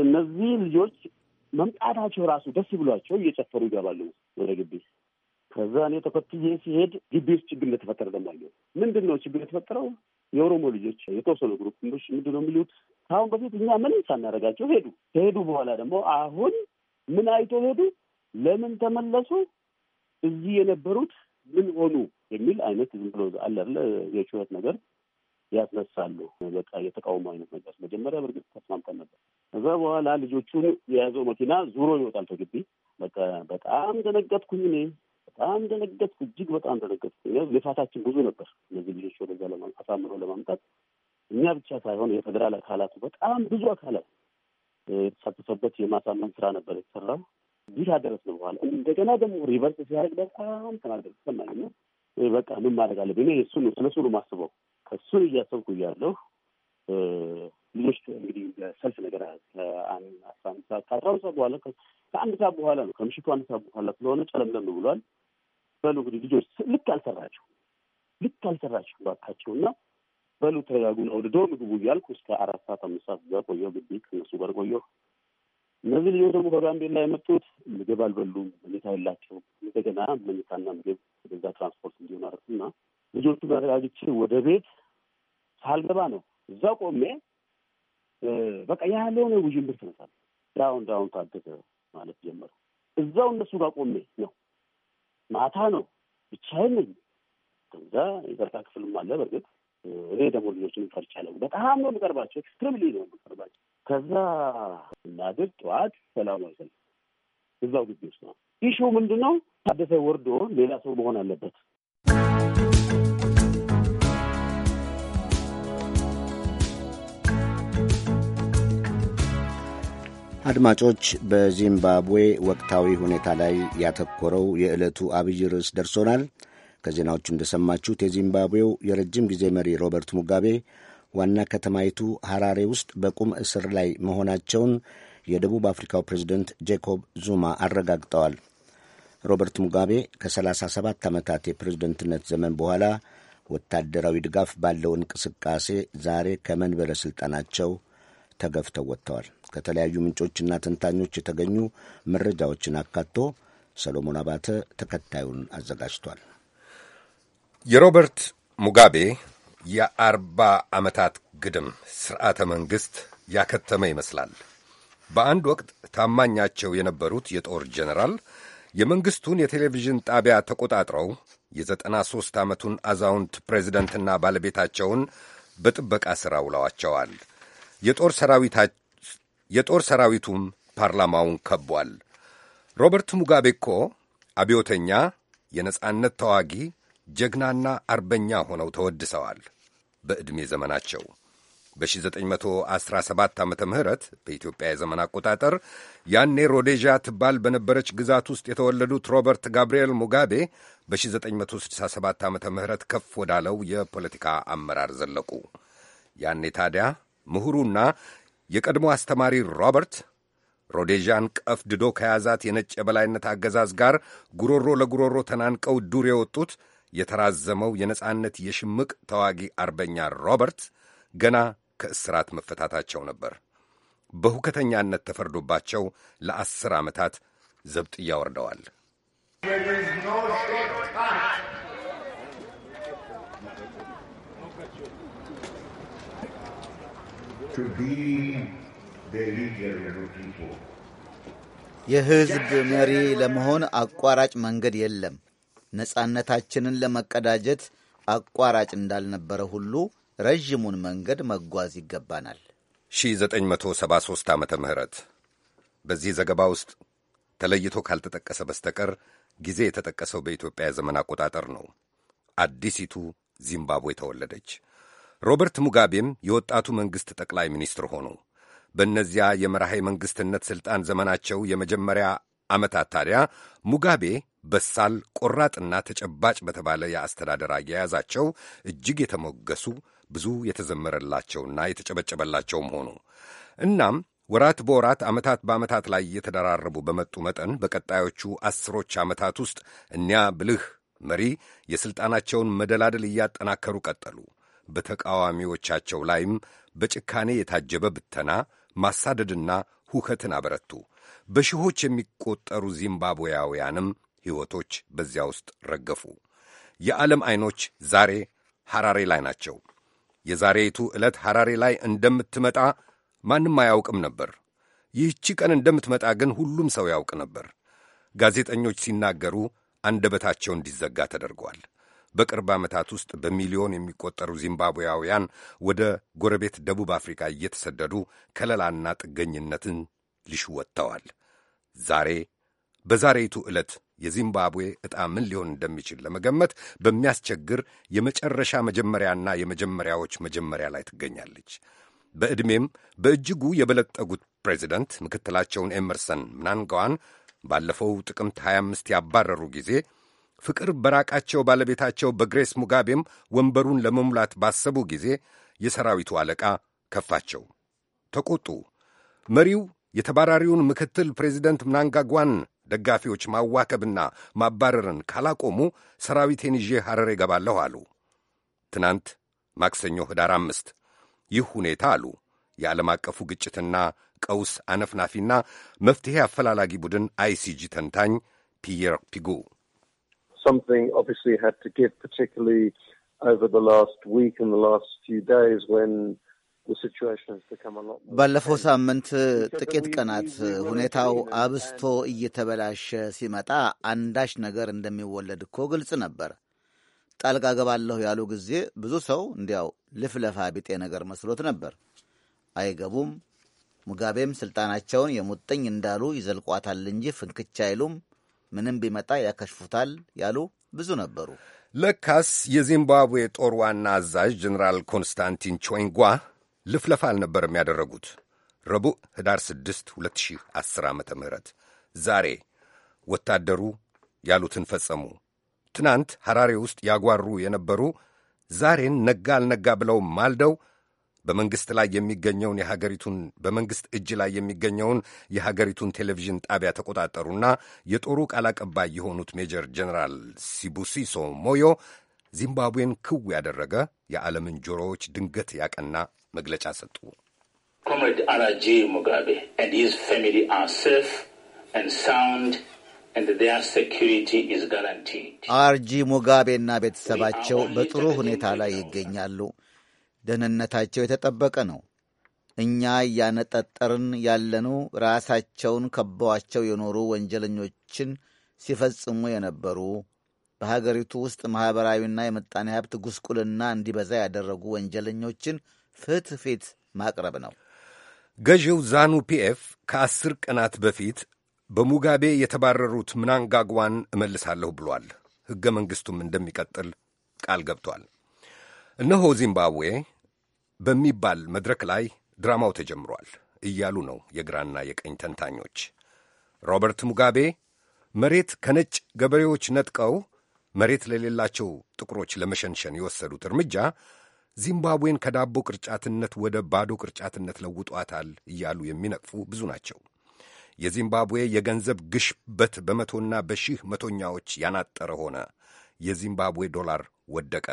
Speaker 10: እነዚህ ልጆች መምጣታቸው ራሱ ደስ ብሏቸው እየጨፈሩ ይገባሉ ወደ ግቢ። ከዛ እኔ ተከትዬ ሲሄድ ግቢ ውስጥ ችግር እንደተፈጠረ ደግሞ ምንድን ነው ችግር የተፈጠረው? የኦሮሞ ልጆች የተወሰኑ ግሩፕ ምንድን ነው የሚሉት? ከአሁን በፊት እኛ ምንም ሳናደርጋቸው ሄዱ። ከሄዱ በኋላ ደግሞ አሁን ምን አይቶ ሄዱ? ለምን ተመለሱ? እዚህ የነበሩት ምን ሆኑ? የሚል አይነት ዝም ብሎ አለ የጩኸት ነገር ያስነሳሉ። በቃ የተቃውሞ አይነት ነገር መጀመሪያ በእርግጥ ተስማምተን ነበር። እዛ በኋላ ልጆቹን የያዘው መኪና ዙሮ ይወጣል ተግቢ። በቃ በጣም ደነገጥኩኝ እኔ በጣም ደነገጥኩ፣ እጅግ በጣም ደነገጥኩ። ልፋታችን ብዙ ነበር እነዚህ ልጆች ወደዛ አሳምሮ ለማምጣት እኛ ብቻ ሳይሆን የፌዴራል አካላቱ በጣም ብዙ አካላት የተሳተፈበት የማሳመን ስራ ነበር የተሰራው። ይህ አደረስ ነው። በኋላ እንደገና ደግሞ ሪቨርስ ሲያደርግ በጣም ተናደር ሰማኝ። በቃ ምን ማድረግ አለብኝ እሱ ስለ ሱሉ ማስበው ከሱን እያሰብኩ እያለሁ ልጆች እንግዲህ ሰልፍ ነገር አስራ አንድ ሰዓት ከአስራ ሁለት ሰዓት በኋላ ከአንድ ሰዓት በኋላ ነው ከምሽቱ አንድ ሰዓት በኋላ ስለሆነ ጨለምለም ብሏል። በሉ እንግዲህ ልጆች ልክ አልሰራችሁ ልክ አልሰራችሁ እና በሉ ተረጋጉን አውድዶ ምግቡ እያልኩ እስከ አራት ሰዓት አምስት ሰዓት ጋር ቆየሁ። ግቢ ከነሱ ጋር ቆየሁ። እነዚህ ልጆች ደግሞ ከጋምቤላ የመጡት ምግብ አልበሉም፣ መኝታ የላቸውም። እንደገና መኝታና ምግብ በዛ ትራንስፖርት እንዲሆን አረፍና ልጆቹን አዘጋጅቼ ወደ ቤት ሳልገባ ነው እዛ ቆሜ በቃ ያለውን ውዥንብር ተነሳለ። ዳውን ዳውን ታገሰ ማለት ጀመሩ። እዛው እነሱ ጋር ቆሜ ነው። ማታ ነው፣ ብቻዬን ነኝ። ከዛ የጸጥታ ክፍልም አለ። በእርግጥ እኔ ደግሞ ልጆችን ፈርቻለሁ። በጣም ነው የምቀርባቸው፣ ኤክስትሪምሊ ነው የምቀርባቸው። ከዛ እናድር ጠዋት ሰላማዊ ሰልፍ እዛው ግቢ ውስጥ ነው። ኢሹ ምንድን ነው? ታደሰ ወርዶ ሌላ ሰው መሆን አለበት
Speaker 2: አድማጮች፣ በዚምባብዌ ወቅታዊ ሁኔታ ላይ ያተኮረው የዕለቱ አብይ ርዕስ ደርሶናል። ከዜናዎቹ እንደሰማችሁት የዚምባብዌው የረጅም ጊዜ መሪ ሮበርት ሙጋቤ ዋና ከተማይቱ ሐራሬ ውስጥ በቁም እስር ላይ መሆናቸውን የደቡብ አፍሪካው ፕሬዝደንት ጄኮብ ዙማ አረጋግጠዋል። ሮበርት ሙጋቤ ከ37 ዓመታት የፕሬዝደንትነት ዘመን በኋላ ወታደራዊ ድጋፍ ባለው እንቅስቃሴ ዛሬ ከመንበረ ሥልጣናቸው ተገፍተው ወጥተዋል። ከተለያዩ ምንጮችና ተንታኞች የተገኙ መረጃዎችን አካቶ ሰሎሞን አባተ ተከታዩን
Speaker 11: አዘጋጅቷል። የሮበርት ሙጋቤ የአርባ ዓመታት ግድም ሥርዓተ መንግሥት ያከተመ ይመስላል። በአንድ ወቅት ታማኛቸው የነበሩት የጦር ጀነራል የመንግሥቱን የቴሌቪዥን ጣቢያ ተቆጣጥረው የዘጠና ሦስት ዓመቱን አዛውንት ፕሬዚደንትና ባለቤታቸውን በጥበቃ ሥራ ውለዋቸዋል። የጦር ሰራዊቱም ፓርላማውን ከቧል። ሮበርት ሙጋቤ እኮ አብዮተኛ፣ የነጻነት ተዋጊ፣ ጀግናና አርበኛ ሆነው ተወድሰዋል በዕድሜ ዘመናቸው። በ1917 ዓ. ምህረት በኢትዮጵያ የዘመን አቆጣጠር ያኔ ሮዴዣ ትባል በነበረች ግዛት ውስጥ የተወለዱት ሮበርት ጋብርኤል ሙጋቤ በ1967 ዓ ምህረት ከፍ ወዳለው የፖለቲካ አመራር ዘለቁ። ያኔ ታዲያ ምሁሩና የቀድሞ አስተማሪ ሮበርት ሮዴዣን ቀፍድዶ ከያዛት የነጭ የበላይነት አገዛዝ ጋር ጉሮሮ ለጉሮሮ ተናንቀው ዱር የወጡት የተራዘመው የነጻነት የሽምቅ ተዋጊ አርበኛ ሮበርት ገና ከእስራት መፈታታቸው ነበር። በሁከተኛነት ተፈርዶባቸው ለአስር ዓመታት ዘብጥያ ወርደዋል።
Speaker 12: የህዝብ መሪ ለመሆን አቋራጭ መንገድ የለም። ነጻነታችንን ለመቀዳጀት አቋራጭ እንዳልነበረ ሁሉ ረዥሙን መንገድ መጓዝ ይገባናል።
Speaker 11: 1973 ዓ ምህረት በዚህ ዘገባ ውስጥ ተለይቶ ካልተጠቀሰ በስተቀር ጊዜ የተጠቀሰው በኢትዮጵያ የዘመን አቆጣጠር ነው። አዲሲቱ ዚምባብዌ ተወለደች። ሮበርት ሙጋቤም የወጣቱ መንግሥት ጠቅላይ ሚኒስትር ሆኑ። በእነዚያ የመራሄ መንግሥትነት ሥልጣን ዘመናቸው የመጀመሪያ ዓመታት ታዲያ ሙጋቤ በሳል ቆራጥና ተጨባጭ በተባለ የአስተዳደር አያያዛቸው እጅግ የተሞገሱ ብዙ የተዘመረላቸውና የተጨበጨበላቸውም ሆኑ። እናም ወራት በወራት ዓመታት በዓመታት ላይ እየተደራረቡ በመጡ መጠን በቀጣዮቹ አስሮች ዓመታት ውስጥ እኒያ ብልህ መሪ የሥልጣናቸውን መደላደል እያጠናከሩ ቀጠሉ። በተቃዋሚዎቻቸው ላይም በጭካኔ የታጀበ ብተና፣ ማሳደድና ሁከትን አበረቱ። በሺዎች የሚቆጠሩ ዚምባብዌያውያንም ሕይወቶች በዚያ ውስጥ ረገፉ። የዓለም ዐይኖች ዛሬ ሐራሬ ላይ ናቸው። የዛሬይቱ ዕለት ሐራሬ ላይ እንደምትመጣ ማንም አያውቅም ነበር። ይህቺ ቀን እንደምትመጣ ግን ሁሉም ሰው ያውቅ ነበር። ጋዜጠኞች ሲናገሩ አንደበታቸው እንዲዘጋ ተደርጓል። በቅርብ ዓመታት ውስጥ በሚሊዮን የሚቆጠሩ ዚምባብዌያውያን ወደ ጎረቤት ደቡብ አፍሪካ እየተሰደዱ ከለላና ጥገኝነትን ሊሹ ወጥተዋል። ዛሬ በዛሬይቱ ዕለት የዚምባብዌ ዕጣ ምን ሊሆን እንደሚችል ለመገመት በሚያስቸግር የመጨረሻ መጀመሪያና የመጀመሪያዎች መጀመሪያ ላይ ትገኛለች። በዕድሜም በእጅጉ የበለጠጉት ፕሬዚደንት ምክትላቸውን ኤመርሰን ምናንጋዋን ባለፈው ጥቅምት 25 ያባረሩ ጊዜ ፍቅር በራቃቸው ባለቤታቸው በግሬስ ሙጋቤም ወንበሩን ለመሙላት ባሰቡ ጊዜ የሰራዊቱ አለቃ ከፋቸው፣ ተቆጡ። መሪው የተባራሪውን ምክትል ፕሬዚደንት ምናንጋጓን ደጋፊዎች ማዋከብና ማባረርን ካላቆሙ ሰራዊቴን ይዤ ሐረር እገባለሁ አሉ። ትናንት ማክሰኞ ኅዳር አምስት ይህ ሁኔታ አሉ የዓለም አቀፉ ግጭትና ቀውስ አነፍናፊና መፍትሔ አፈላላጊ ቡድን አይሲጂ ተንታኝ ፒየር ፒጉ
Speaker 8: something obviously had to give, particularly over the last week and the last few days when
Speaker 12: ባለፈው ሳምንት ጥቂት ቀናት ሁኔታው አብስቶ እየተበላሸ ሲመጣ አንዳች ነገር እንደሚወለድ እኮ ግልጽ ነበር። ጣልቃ ገባለሁ ያሉ ጊዜ ብዙ ሰው እንዲያው ልፍለፋ ቢጤ ነገር መስሎት ነበር። አይገቡም፣ ሙጋቤም ስልጣናቸውን የሙጥኝ እንዳሉ ይዘልቋታል እንጂ ፍንክቻ አይሉም፣ ምንም
Speaker 11: ቢመጣ ያከሽፉታል ያሉ ብዙ ነበሩ። ለካስ የዚምባብዌ ጦር ዋና አዛዥ ጀኔራል ኮንስታንቲን ቾንጓ ልፍለፋ አልነበርም ያደረጉት። ረቡዕ ህዳር 6 2010 ዓ ም ዛሬ ወታደሩ ያሉትን ፈጸሙ። ትናንት ሐራሬ ውስጥ ያጓሩ የነበሩ ዛሬን ነጋ አልነጋ ብለው ማልደው በመንግስት ላይ የሚገኘውን የሀገሪቱን በመንግስት እጅ ላይ የሚገኘውን የሀገሪቱን ቴሌቪዥን ጣቢያ ተቆጣጠሩና የጦሩ ቃል አቀባይ የሆኑት ሜጀር ጀነራል ሲቡሲሶ ሞዮ ዚምባብዌን ክው ያደረገ የዓለምን ጆሮዎች ድንገት ያቀና መግለጫ ሰጡ። ኮምሬድ አራጂ ሙጋቤ ኤንድ
Speaker 1: ሂዝ ፋሚሊ አር ሴፍ ኤንድ ሳውንድ
Speaker 12: አርጂ ሙጋቤና ቤተሰባቸው በጥሩ ሁኔታ ላይ ይገኛሉ። ደህንነታቸው የተጠበቀ ነው። እኛ እያነጠጠርን ያለነው ራሳቸውን ከበዋቸው የኖሩ ወንጀለኞችን ሲፈጽሙ የነበሩ በሀገሪቱ ውስጥ ማኅበራዊና የምጣኔ ሀብት ጉስቁልና እንዲበዛ ያደረጉ ወንጀለኞችን ፍት ፊት ማቅረብ ነው።
Speaker 11: ገዢው ዛኑ ፒኤፍ ከአስር ቀናት በፊት በሙጋቤ የተባረሩት ምናንጋግዋን እመልሳለሁ ብሏል። ሕገ መንግሥቱም እንደሚቀጥል ቃል ገብቷል። እነሆ ዚምባብዌ በሚባል መድረክ ላይ ድራማው ተጀምሯል እያሉ ነው የግራና የቀኝ ተንታኞች። ሮበርት ሙጋቤ መሬት ከነጭ ገበሬዎች ነጥቀው መሬት ለሌላቸው ጥቁሮች ለመሸንሸን የወሰዱት እርምጃ ዚምባብዌን ከዳቦ ቅርጫትነት ወደ ባዶ ቅርጫትነት ለውጧታል እያሉ የሚነቅፉ ብዙ ናቸው። የዚምባብዌ የገንዘብ ግሽበት በመቶና በሺህ መቶኛዎች ያናጠረ ሆነ። የዚምባብዌ ዶላር ወደቀ፣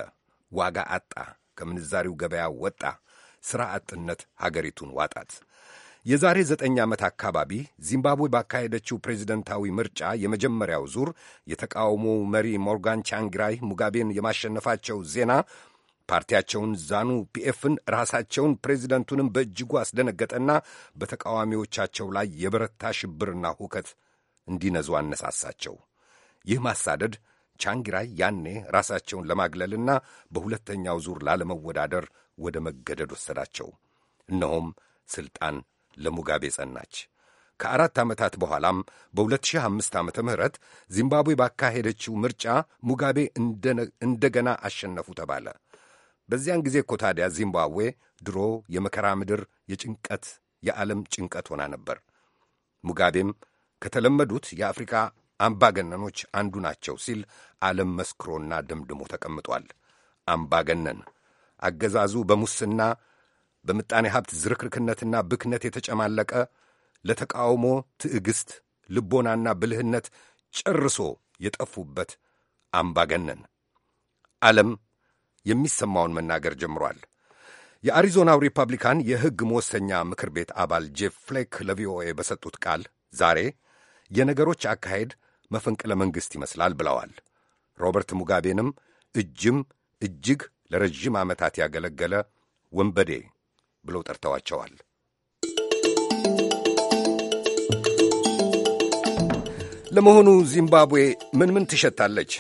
Speaker 11: ዋጋ አጣ ከምንዛሪው ገበያ ወጣ። ሥራ አጥነት ሀገሪቱን ዋጣት። የዛሬ ዘጠኝ ዓመት አካባቢ ዚምባብዌ ባካሄደችው ፕሬዚደንታዊ ምርጫ የመጀመሪያው ዙር የተቃውሞው መሪ ሞርጋን ቻንግራይ ሙጋቤን የማሸነፋቸው ዜና ፓርቲያቸውን ዛኑ ፒኤፍን ራሳቸውን ፕሬዚደንቱንም በእጅጉ አስደነገጠና በተቃዋሚዎቻቸው ላይ የበረታ ሽብርና ሁከት እንዲነዙ አነሳሳቸው። ይህ ማሳደድ ቻንግራይ ያኔ ራሳቸውን ለማግለልና በሁለተኛው ዙር ላለመወዳደር ወደ መገደድ ወሰዳቸው። እነሆም ሥልጣን ለሙጋቤ ጸናች። ከአራት ዓመታት በኋላም በ2005 ዓ ምህረት ዚምባብዌ ባካሄደችው ምርጫ ሙጋቤ እንደገና አሸነፉ ተባለ። በዚያን ጊዜ እኮ ታዲያ ዚምባብዌ ድሮ የመከራ ምድር፣ የጭንቀት የዓለም ጭንቀት ሆና ነበር። ሙጋቤም ከተለመዱት የአፍሪካ አምባገነኖች አንዱ ናቸው ሲል ዓለም መስክሮና ደምድሞ ተቀምጧል። አምባገነን አገዛዙ በሙስና በምጣኔ ሀብት ዝርክርክነትና ብክነት የተጨማለቀ ለተቃውሞ ትዕግሥት፣ ልቦናና ብልህነት ጨርሶ የጠፉበት አምባገነን ዓለም የሚሰማውን መናገር ጀምሯል። የአሪዞናው ሪፐብሊካን የሕግ መወሰኛ ምክር ቤት አባል ጄፍ ፍሌክ ለቪኦኤ በሰጡት ቃል ዛሬ የነገሮች አካሄድ መፈንቅለ መንግሥት ይመስላል ብለዋል። ሮበርት ሙጋቤንም እጅም እጅግ ለረዥም ዓመታት ያገለገለ ወንበዴ ብለው ጠርተዋቸዋል። ለመሆኑ ዚምባብዌ ምን ምን ትሸታለች?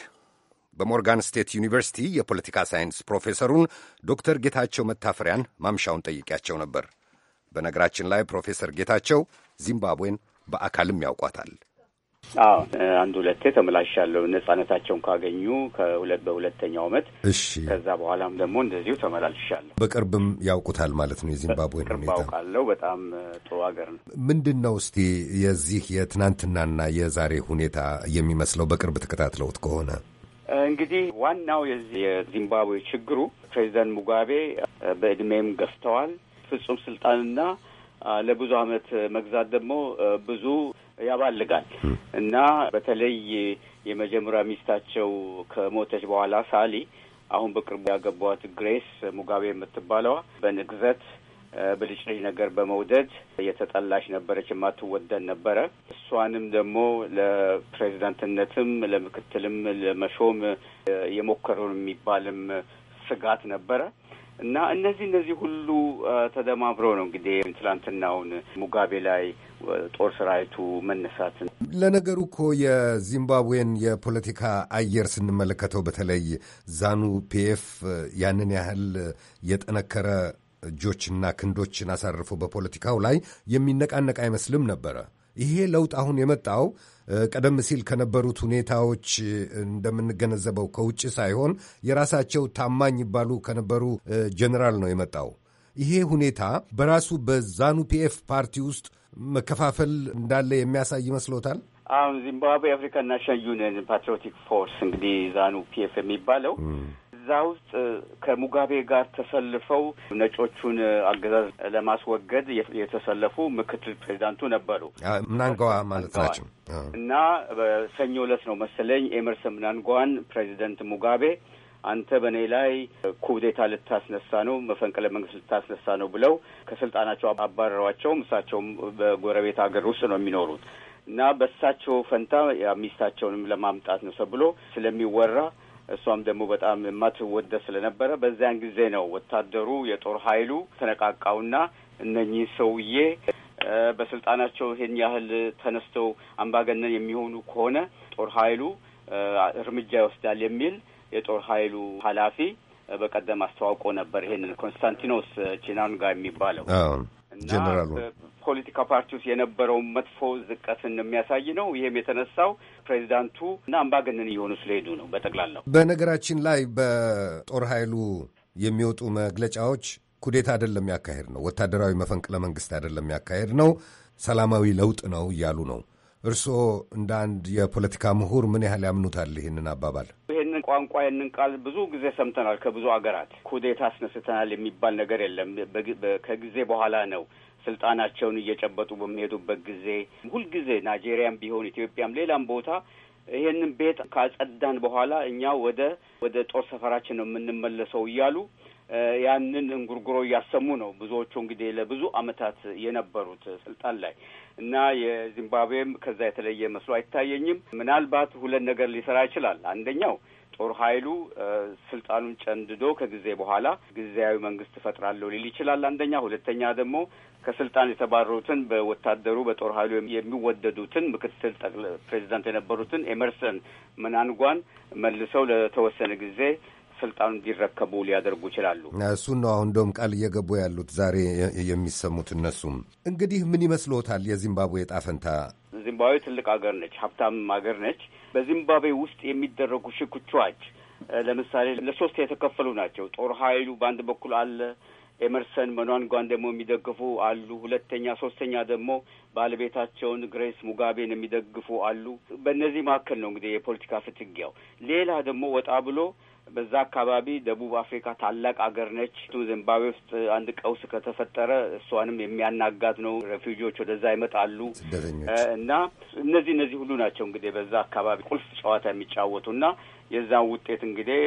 Speaker 11: በሞርጋን ስቴት ዩኒቨርሲቲ የፖለቲካ ሳይንስ ፕሮፌሰሩን ዶክተር ጌታቸው መታፈሪያን ማምሻውን ጠይቄያቸው ነበር። በነገራችን ላይ ፕሮፌሰር ጌታቸው ዚምባብዌን በአካልም ያውቋታል።
Speaker 4: አዎ አንድ ሁለቴ ተመላሻለሁ። ነጻነታቸውን ካገኙ ከሁለት በሁለተኛው ዓመት እሺ፣ ከዛ በኋላም ደግሞ እንደዚሁ ተመላልሻለሁ።
Speaker 11: በቅርብም ያውቁታል ማለት ነው የዚምባብዌ ሁኔታ
Speaker 4: ያውቃለሁ። በጣም ጥሩ ሀገር ነው።
Speaker 11: ምንድን ነው እስቲ የዚህ የትናንትናና የዛሬ ሁኔታ የሚመስለው በቅርብ ተከታትለውት ከሆነ
Speaker 4: እንግዲህ ዋናው የዚህ የዚምባብዌ ችግሩ ፕሬዚደንት ሙጋቤ በእድሜም ገፍተዋል። ፍጹም ስልጣንና ለብዙ አመት መግዛት ደግሞ ብዙ ያባልጋል እና በተለይ የመጀመሪያ ሚስታቸው ከሞተች በኋላ ሳሊ አሁን በቅርቡ ያገቧት ግሬስ ሙጋቤ የምትባለዋ በንግዘት ብልጭልጭ ነገር በመውደድ የተጠላሽ ነበረች፣ የማትወደድ ነበረ። እሷንም ደግሞ ለፕሬዚዳንትነትም ለምክትልም ለመሾም የሞከሩን የሚባልም ስጋት ነበረ። እና እነዚህ እነዚህ ሁሉ ተደማምረው ነው እንግዲህ ትላንትናውን ሙጋቤ ላይ ጦር ሰራዊቱ መነሳትን።
Speaker 11: ለነገሩ እኮ የዚምባብዌን የፖለቲካ አየር ስንመለከተው በተለይ ዛኑ ፒኤፍ ያንን ያህል የጠነከረ እጆችና ክንዶችን አሳርፎ በፖለቲካው ላይ የሚነቃነቅ አይመስልም ነበረ። ይሄ ለውጥ አሁን የመጣው ቀደም ሲል ከነበሩት ሁኔታዎች እንደምንገነዘበው ከውጭ ሳይሆን የራሳቸው ታማኝ ይባሉ ከነበሩ ጀኔራል ነው የመጣው። ይሄ ሁኔታ በራሱ በዛኑ ፒኤፍ ፓርቲ ውስጥ መከፋፈል እንዳለ የሚያሳይ ይመስሎታል?
Speaker 4: አሁን ዚምባብዌ አፍሪካን ናሽናል ዩኒየን ፓትሪዮቲክ ፎርስ እንግዲህ ዛኑ ፒኤፍ የሚባለው እዛ ውስጥ ከሙጋቤ ጋር ተሰልፈው ነጮቹን አገዛዝ ለማስወገድ የተሰለፉ ምክትል ፕሬዚዳንቱ ነበሩ።
Speaker 11: ምናንገዋ ማለት ናቸው እና
Speaker 4: በሰኞ ዕለት ነው መሰለኝ ኤመርሰን ምናንገዋን ፕሬዚደንት ሙጋቤ አንተ በእኔ ላይ ኩብዴታ ልታስነሳ ነው፣ መፈንቅለ መንግስት ልታስነሳ ነው ብለው ከስልጣናቸው አባረሯቸውም። እሳቸውም በጎረቤት ሀገር ውስጥ ነው የሚኖሩት እና በእሳቸው ፈንታ ሚስታቸውንም ለማምጣት ነው ተብሎ ስለሚወራ እሷም ደግሞ በጣም የማትወደ ስለነበረ በዚያን ጊዜ ነው ወታደሩ የጦር ኃይሉ ተነቃቃውና እነኚህ ሰውዬ በስልጣናቸው ይሄን ያህል ተነስተው አምባገነን የሚሆኑ ከሆነ ጦር ኃይሉ እርምጃ ይወስዳል የሚል የጦር ኃይሉ ኃላፊ በቀደም አስተዋውቆ ነበር። ይሄንን ኮንስታንቲኖስ ቺናንጋ የሚባለው ጀነራል ፖለቲካ ፓርቲ ውስጥ የነበረውን መጥፎ ዝቀትን የሚያሳይ ነው። ይህም የተነሳው ፕሬዚዳንቱ እና አምባገነን እየሆኑ ስለሄዱ ነው። በጠቅላላው
Speaker 11: በነገራችን ላይ በጦር ኃይሉ የሚወጡ መግለጫዎች ኩዴታ አይደለም ያካሄድ ነው፣ ወታደራዊ መፈንቅለ መንግስት አይደለም ያካሄድ ነው፣ ሰላማዊ ለውጥ ነው እያሉ ነው። እርስዎ እንደ አንድ የፖለቲካ ምሁር ምን ያህል ያምኑታል ይህንን አባባል?
Speaker 4: ይህንን ቋንቋ ይህንን ቃል ብዙ ጊዜ ሰምተናል። ከብዙ አገራት ኩዴታ አስነስተናል የሚባል ነገር የለም። ከጊዜ በኋላ ነው ስልጣናቸውን እየጨበጡ በሚሄዱበት ጊዜ ሁልጊዜ ናይጄሪያም ቢሆን ኢትዮጵያም ሌላም ቦታ ይሄንን ቤት ካጸዳን በኋላ እኛ ወደ ወደ ጦር ሰፈራችን ነው የምንመለሰው እያሉ ያንን እንጉርጉሮ እያሰሙ ነው ብዙዎቹ እንግዲህ ለብዙ አመታት የነበሩት ስልጣን ላይ እና የዚምባብዌም ከዛ የተለየ መስሎ አይታየኝም። ምናልባት ሁለት ነገር ሊሰራ ይችላል። አንደኛው ጦር ኃይሉ ስልጣኑን ጨንድዶ ከጊዜ በኋላ ጊዜያዊ መንግስት እፈጥራለሁ ሊል ይችላል። አንደኛ። ሁለተኛ ደግሞ ከስልጣን የተባረሩትን በወታደሩ በጦር ኃይሉ የሚወደዱትን ምክትል ጠቅላይ ፕሬዚዳንት የነበሩትን ኤመርሰን ምናንጓን መልሰው ለተወሰነ ጊዜ ስልጣኑ እንዲረከቡ ሊያደርጉ ይችላሉ።
Speaker 11: እሱን ነው አሁን እንደውም ቃል እየገቡ ያሉት ዛሬ የሚሰሙት። እነሱም እንግዲህ ምን ይመስሎታል የዚምባብዌ ጣፈንታ
Speaker 4: ዚምባብዌ ትልቅ ሀገር ነች፣ ሀብታም ሀገር ነች። በዚምባብዌ ውስጥ የሚደረጉ ሽኩቻዎች ለምሳሌ ለሶስት የተከፈሉ ናቸው። ጦር ኃይሉ በአንድ በኩል አለ፣ ኤመርሰን መኗንጓን ደግሞ የሚደግፉ አሉ። ሁለተኛ ሶስተኛ ደግሞ ባለቤታቸውን ግሬስ ሙጋቤን የሚደግፉ አሉ። በእነዚህ መካከል ነው እንግዲህ የፖለቲካ ፍትጊያው። ሌላ ደግሞ ወጣ ብሎ በዛ አካባቢ ደቡብ አፍሪካ ታላቅ አገር ነች። ዚምባብዌ ውስጥ አንድ ቀውስ ከተፈጠረ እሷንም የሚያናጋት ነው። ሬፊውጂዎች ወደዛ ይመጣሉ እና እነዚህ እነዚህ ሁሉ ናቸው እንግዲህ በዛ አካባቢ ቁልፍ ጨዋታ እና የዛን ውጤት እንግዲህ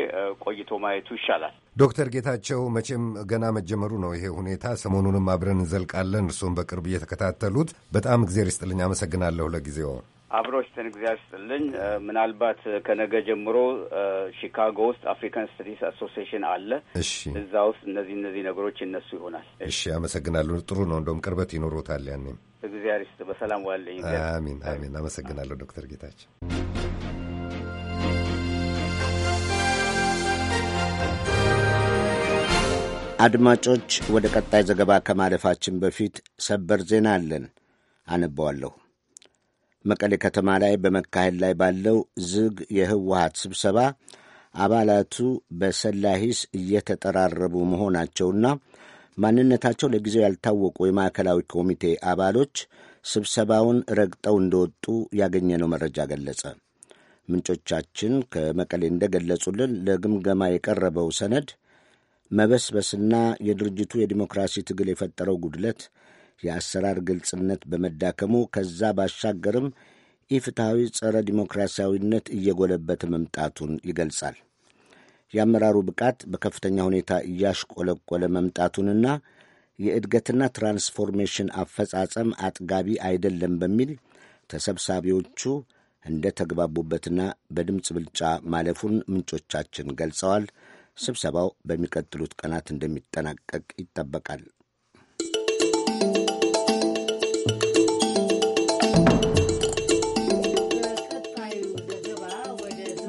Speaker 4: ቆይቶ ማየቱ ይሻላል።
Speaker 11: ዶክተር ጌታቸው መቼም ገና መጀመሩ ነው ይሄ ሁኔታ። ሰሞኑንም አብረን እንዘልቃለን። እርስዎም በቅርብ እየተከታተሉት በጣም እግዜር ይስጥልኝ። አመሰግናለሁ ለጊዜው።
Speaker 4: አብሮ ሽትን እግዚአብሔር ስጥልኝ። ምናልባት ከነገ ጀምሮ ሺካጎ ውስጥ አፍሪካን ስተዲስ አሶሲሽን አለ። እሺ፣ እዛ ውስጥ እነዚህ እነዚህ ነገሮች ይነሱ ይሆናል።
Speaker 11: እሺ፣ አመሰግናለሁ። ጥሩ ነው። እንደውም ቅርበት ይኖሮታል። ያኔም
Speaker 4: እግዚአብሔር ይስጥ። በሰላም ዋለኝ።
Speaker 11: አሚን፣ አሚን። አመሰግናለሁ ዶክተር ጌታቸው
Speaker 2: አድማጮች፣ ወደ ቀጣይ ዘገባ ከማለፋችን በፊት ሰበር ዜና አለን። አነበዋለሁ። መቀሌ ከተማ ላይ በመካሄድ ላይ ባለው ዝግ የህወሀት ስብሰባ አባላቱ በሰላሂስ እየተጠራረቡ መሆናቸውና ማንነታቸው ለጊዜው ያልታወቁ የማዕከላዊ ኮሚቴ አባሎች ስብሰባውን ረግጠው እንደወጡ ያገኘነው መረጃ ገለጸ። ምንጮቻችን ከመቀሌ እንደገለጹልን ለግምገማ የቀረበው ሰነድ መበስበስና የድርጅቱ የዲሞክራሲ ትግል የፈጠረው ጉድለት የአሰራር ግልጽነት በመዳከሙ ከዛ ባሻገርም ኢፍትሐዊ ጸረ ዲሞክራሲያዊነት እየጎለበት መምጣቱን ይገልጻል። የአመራሩ ብቃት በከፍተኛ ሁኔታ እያሽቆለቆለ መምጣቱንና የእድገትና ትራንስፎርሜሽን አፈጻጸም አጥጋቢ አይደለም በሚል ተሰብሳቢዎቹ እንደ ተግባቡበትና በድምፅ ብልጫ ማለፉን ምንጮቻችን ገልጸዋል። ስብሰባው በሚቀጥሉት ቀናት እንደሚጠናቀቅ ይጠበቃል።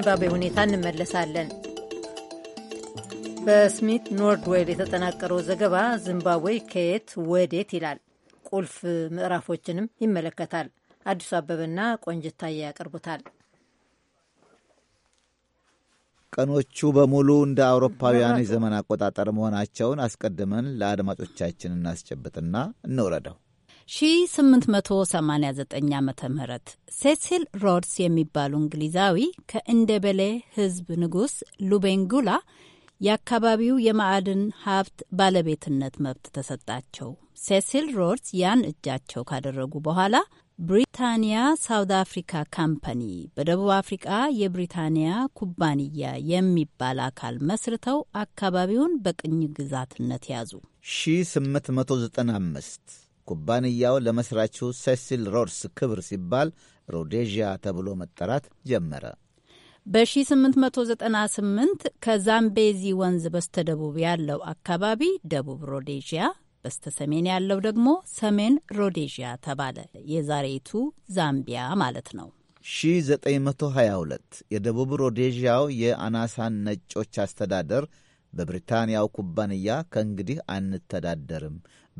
Speaker 3: በዚምባብዌ ሁኔታ እንመለሳለን። በስሚት ኖርድዌል የተጠናቀረው ዘገባ ዚምባብዌ ከየት ወዴት ይላል። ቁልፍ ምዕራፎችንም ይመለከታል። አዲሱ አበበና ቆንጅታዬ ያቀርቡታል።
Speaker 12: ቀኖቹ በሙሉ እንደ አውሮፓውያን የዘመን አቆጣጠር መሆናቸውን አስቀድመን ለአድማጮቻችን እናስጨብጥና እንውረደው።
Speaker 13: 1889 ዓ ም ሴሲል ሮድስ የሚባሉ እንግሊዛዊ ከእንደበሌ ህዝብ ንጉሥ ሉቤንጉላ የአካባቢው የማዕድን ሀብት ባለቤትነት መብት ተሰጣቸው። ሴሲል ሮድስ ያን እጃቸው ካደረጉ በኋላ ብሪታንያ ሳውት አፍሪካ ካምፓኒ በደቡብ አፍሪቃ የብሪታንያ ኩባንያ የሚባል አካል መስርተው አካባቢውን በቅኝ ግዛትነት ያዙ።
Speaker 12: 1895 ኩባንያው ለመስራቹ ሴሲል ሮድስ ክብር ሲባል ሮዴዥያ ተብሎ መጠራት ጀመረ።
Speaker 13: በ1898 ከዛምቤዚ ወንዝ በስተደቡብ ያለው አካባቢ ደቡብ ሮዴዥያ፣ በስተሰሜን ያለው ደግሞ ሰሜን ሮዴዥያ ተባለ። የዛሬቱ ዛምቢያ ማለት ነው።
Speaker 12: 1922 የደቡብ ሮዴዥያው የአናሳን ነጮች አስተዳደር በብሪታንያው ኩባንያ ከእንግዲህ አንተዳደርም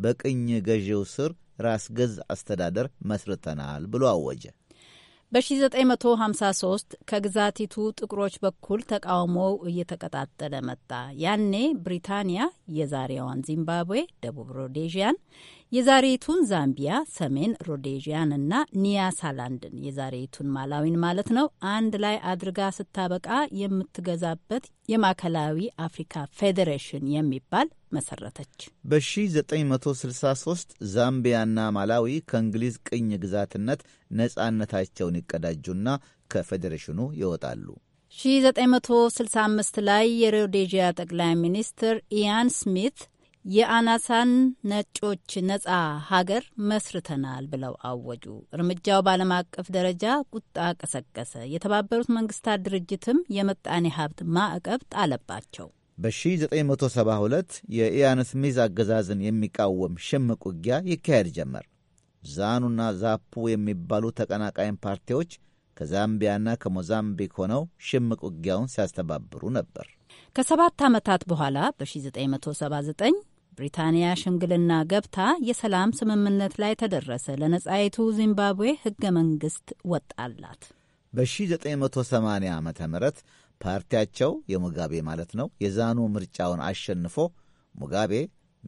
Speaker 12: በቅኝ ገዢው ስር ራስ ገዝ አስተዳደር መስርተናል ብሎ አወጀ።
Speaker 13: በ1953 ከግዛቲቱ ጥቁሮች በኩል ተቃውሞው እየተቀጣጠለ መጣ። ያኔ ብሪታንያ የዛሬዋን ዚምባብዌ፣ ደቡብ ሮዴዥያን፣ የዛሬቱን ዛምቢያ፣ ሰሜን እና ኒያሳላንድን የዛሬቱን ማላዊን ማለት ነው አንድ ላይ አድርጋ ስታበቃ የምትገዛበት የማዕከላዊ አፍሪካ ፌዴሬሽን የሚባል መሰረተች።
Speaker 12: በ1963 ዛምቢያና ማላዊ ከእንግሊዝ ቅኝ ግዛትነት ነጻነታቸውን ይቀዳጁና ከፌዴሬሽኑ ይወጣሉ።
Speaker 13: 1965 ላይ የሮዴዥያ ጠቅላይ ሚኒስትር ኢያን ስሚት የአናሳን ነጮች ነጻ ሀገር መስርተናል ብለው አወጁ። እርምጃው በዓለም አቀፍ ደረጃ ቁጣ ቀሰቀሰ። የተባበሩት መንግስታት ድርጅትም የምጣኔ ሀብት ማዕቀብ ጣለባቸው።
Speaker 12: በ1972 የኢያን ስሚዝ አገዛዝን የሚቃወም ሽምቅ ውጊያ ይካሄድ ጀመር። ዛኑና ዛፑ የሚባሉ ተቀናቃኝ ፓርቲዎች ከዛምቢያና ከሞዛምቢክ ሆነው ሽምቅ ውጊያውን ሲያስተባብሩ ነበር።
Speaker 13: ከሰባት ዓመታት በኋላ በ1979 ብሪታንያ ሽምግልና ገብታ የሰላም ስምምነት ላይ ተደረሰ። ለነጻይቱ ዚምባብዌ ህገ መንግስት ወጣላት።
Speaker 12: በ1980 ዓ ም ፓርቲያቸው የሙጋቤ ማለት ነው የዛኑ ምርጫውን አሸንፎ ሙጋቤ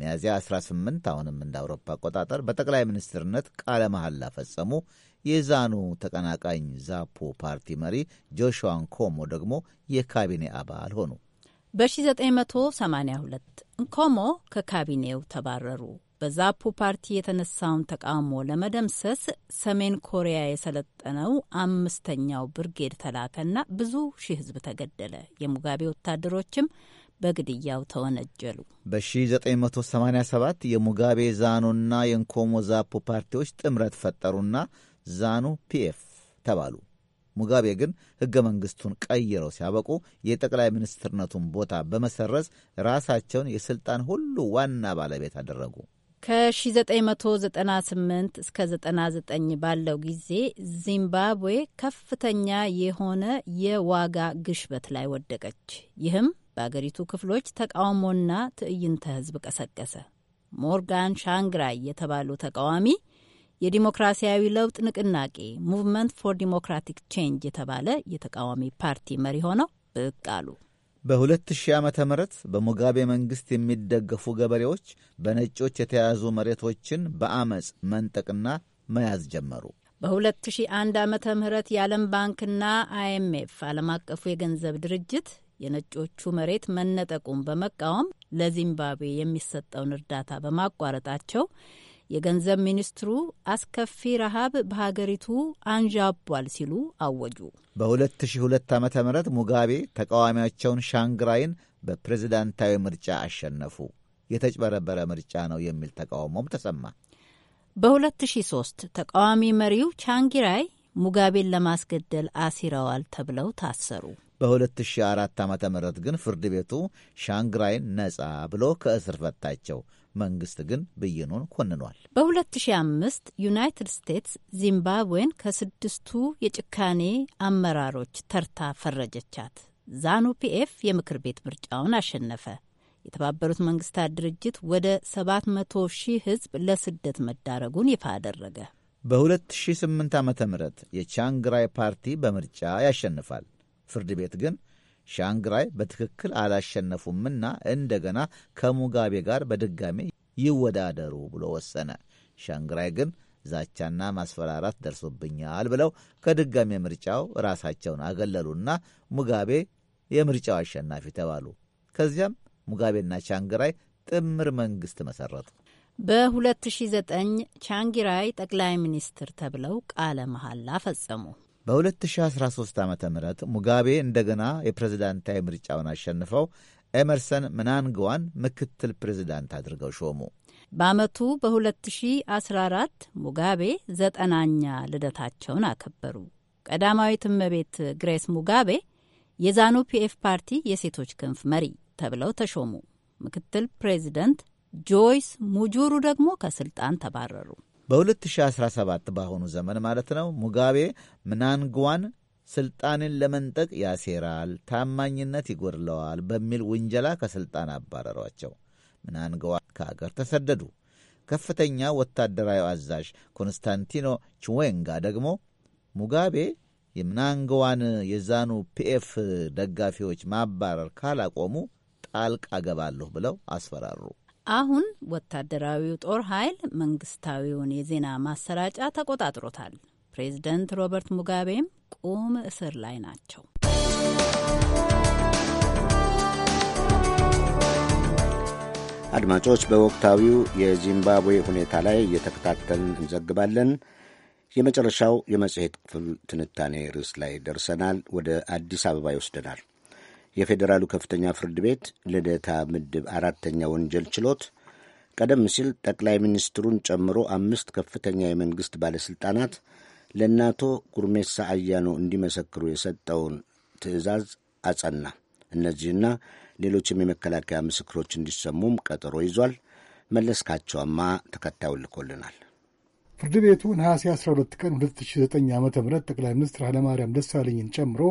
Speaker 12: ሚያዝያ 18 አሁንም እንደ አውሮፓ አቆጣጠር በጠቅላይ ሚኒስትርነት ቃለ መሐላ ፈጸሙ። የዛኑ ተቀናቃኝ ዛፖ ፓርቲ መሪ ጆሹዋ ንኮሞ ደግሞ የካቢኔ አባል ሆኑ።
Speaker 13: በ1982 ንኮሞ ከካቢኔው ተባረሩ። በዛፑ ፓርቲ የተነሳውን ተቃውሞ ለመደምሰስ ሰሜን ኮሪያ የሰለጠነው አምስተኛው ብርጌድ ተላከና ብዙ ሺህ ህዝብ ተገደለ። የሙጋቤ ወታደሮችም በግድያው ተወነጀሉ።
Speaker 12: በ1987 የሙጋቤ ዛኑና የንኮሞ ዛፑ ፓርቲዎች ጥምረት ፈጠሩና ዛኑ ፒኤፍ ተባሉ። ሙጋቤ ግን ሕገ መንግሥቱን ቀይረው ሲያበቁ የጠቅላይ ሚኒስትርነቱን ቦታ በመሰረዝ ራሳቸውን የሥልጣን ሁሉ ዋና ባለቤት አደረጉ።
Speaker 13: ከ1998 እስከ 99 ባለው ጊዜ ዚምባብዌ ከፍተኛ የሆነ የዋጋ ግሽበት ላይ ወደቀች። ይህም በአገሪቱ ክፍሎች ተቃውሞና ትዕይንተ ህዝብ ቀሰቀሰ። ሞርጋን ሻንግራይ የተባሉ ተቃዋሚ የዲሞክራሲያዊ ለውጥ ንቅናቄ ሙቭመንት ፎር ዲሞክራቲክ ቼንጅ የተባለ የተቃዋሚ ፓርቲ መሪ ሆነው
Speaker 12: ብቅ አሉ። በ2000 ዓ ም በሙጋቤ መንግሥት የሚደገፉ ገበሬዎች በነጮች የተያዙ መሬቶችን በአመፅ መንጠቅና መያዝ ጀመሩ።
Speaker 13: በ2001 ዓ ም የዓለም ባንክና አይኤምኤፍ ዓለም አቀፉ የገንዘብ ድርጅት የነጮቹ መሬት መነጠቁን በመቃወም ለዚምባብዌ የሚሰጠውን እርዳታ በማቋረጣቸው የገንዘብ ሚኒስትሩ አስከፊ ረሃብ በሀገሪቱ አንዣቧል ሲሉ አወጁ።
Speaker 12: በ2002 ዓ ም ሙጋቤ ተቃዋሚያቸውን ሻንግራይን በፕሬዝዳንታዊ ምርጫ አሸነፉ። የተጭበረበረ ምርጫ ነው የሚል ተቃውሞም ተሰማ።
Speaker 13: በ2003 ተቃዋሚ መሪው ቻንግራይ ሙጋቤን ለማስገደል አሲረዋል ተብለው ታሰሩ።
Speaker 12: በ2004 ዓ ም ግን ፍርድ ቤቱ ሻንግራይን ነጻ ብሎ ከእስር ፈታቸው። መንግስት ግን ብይኑን ኮንኗል።
Speaker 13: በ2005 ዩናይትድ ስቴትስ ዚምባብዌን ከስድስቱ የጭካኔ አመራሮች ተርታ ፈረጀቻት። ዛኑ ፒኤፍ የምክር ቤት ምርጫውን አሸነፈ። የተባበሩት መንግስታት ድርጅት ወደ 700 ሺህ ህዝብ ለስደት መዳረጉን ይፋ አደረገ።
Speaker 12: በ2008 ዓ ም የቻንግራይ ፓርቲ በምርጫ ያሸንፋል። ፍርድ ቤት ግን ሻንግራይ በትክክል አላሸነፉምና እንደገና ከሙጋቤ ጋር በድጋሜ ይወዳደሩ ብሎ ወሰነ። ሻንግራይ ግን ዛቻና ማስፈራራት ደርሶብኛል ብለው ከድጋሚ ምርጫው ራሳቸውን አገለሉና ሙጋቤ የምርጫው አሸናፊ ተባሉ። ከዚያም ሙጋቤና ቻንግራይ ጥምር መንግስት መሰረቱ።
Speaker 13: በ2009 ቻንግራይ ጠቅላይ ሚኒስትር ተብለው ቃለ መሐላ ፈጸሙ።
Speaker 12: በ2013 ዓ ም ሙጋቤ እንደገና የፕሬዝዳንታዊ ምርጫውን አሸንፈው ኤመርሰን ምናንግዋን ምክትል ፕሬዝዳንት አድርገው ሾሙ።
Speaker 13: በአመቱ በ2014 ሙጋቤ ዘጠናኛ ልደታቸውን አከበሩ። ቀዳማዊት እመቤት ግሬስ ሙጋቤ የዛኑ ፒኤፍ ፓርቲ የሴቶች ክንፍ መሪ ተብለው ተሾሙ። ምክትል ፕሬዚደንት ጆይስ ሙጁሩ ደግሞ ከስልጣን ተባረሩ።
Speaker 12: በ2017 በአሁኑ ዘመን ማለት ነው ሙጋቤ ምናንግዋን ስልጣንን ለመንጠቅ ያሴራል፣ ታማኝነት ይጎድለዋል በሚል ውንጀላ ከስልጣን አባረሯቸው። ምናንግዋ ከአገር ተሰደዱ። ከፍተኛ ወታደራዊ አዛዥ ኮንስታንቲኖ ችዌንጋ ደግሞ ሙጋቤ የምናንግዋን የዛኑ ፒኤፍ ደጋፊዎች ማባረር ካላቆሙ ጣልቃ ገባለሁ ብለው አስፈራሩ።
Speaker 13: አሁን ወታደራዊው ጦር ኃይል መንግስታዊውን የዜና ማሰራጫ ተቆጣጥሮታል። ፕሬዝደንት ሮበርት ሙጋቤም ቁም እስር ላይ ናቸው።
Speaker 2: አድማጮች፣ በወቅታዊው የዚምባብዌ ሁኔታ ላይ እየተከታተልን እንዘግባለን። የመጨረሻው የመጽሔት ክፍል ትንታኔ ርዕስ ላይ ደርሰናል። ወደ አዲስ አበባ ይወስደናል። የፌዴራሉ ከፍተኛ ፍርድ ቤት ልደታ ምድብ አራተኛ ወንጀል ችሎት ቀደም ሲል ጠቅላይ ሚኒስትሩን ጨምሮ አምስት ከፍተኛ የመንግሥት ባለሥልጣናት ለእነ አቶ ጉርሜሳ አያኖ እንዲመሰክሩ የሰጠውን ትዕዛዝ አጸና። እነዚህና ሌሎችም የመከላከያ ምስክሮች እንዲሰሙም ቀጠሮ ይዟል። መለስካቸውማ ተከታዩን ልኮልናል።
Speaker 9: ፍርድ ቤቱ ነሐሴ 12 ቀን 2009 ዓ ም ጠቅላይ ሚኒስትር ኃይለማርያም ደሳለኝን ጨምሮ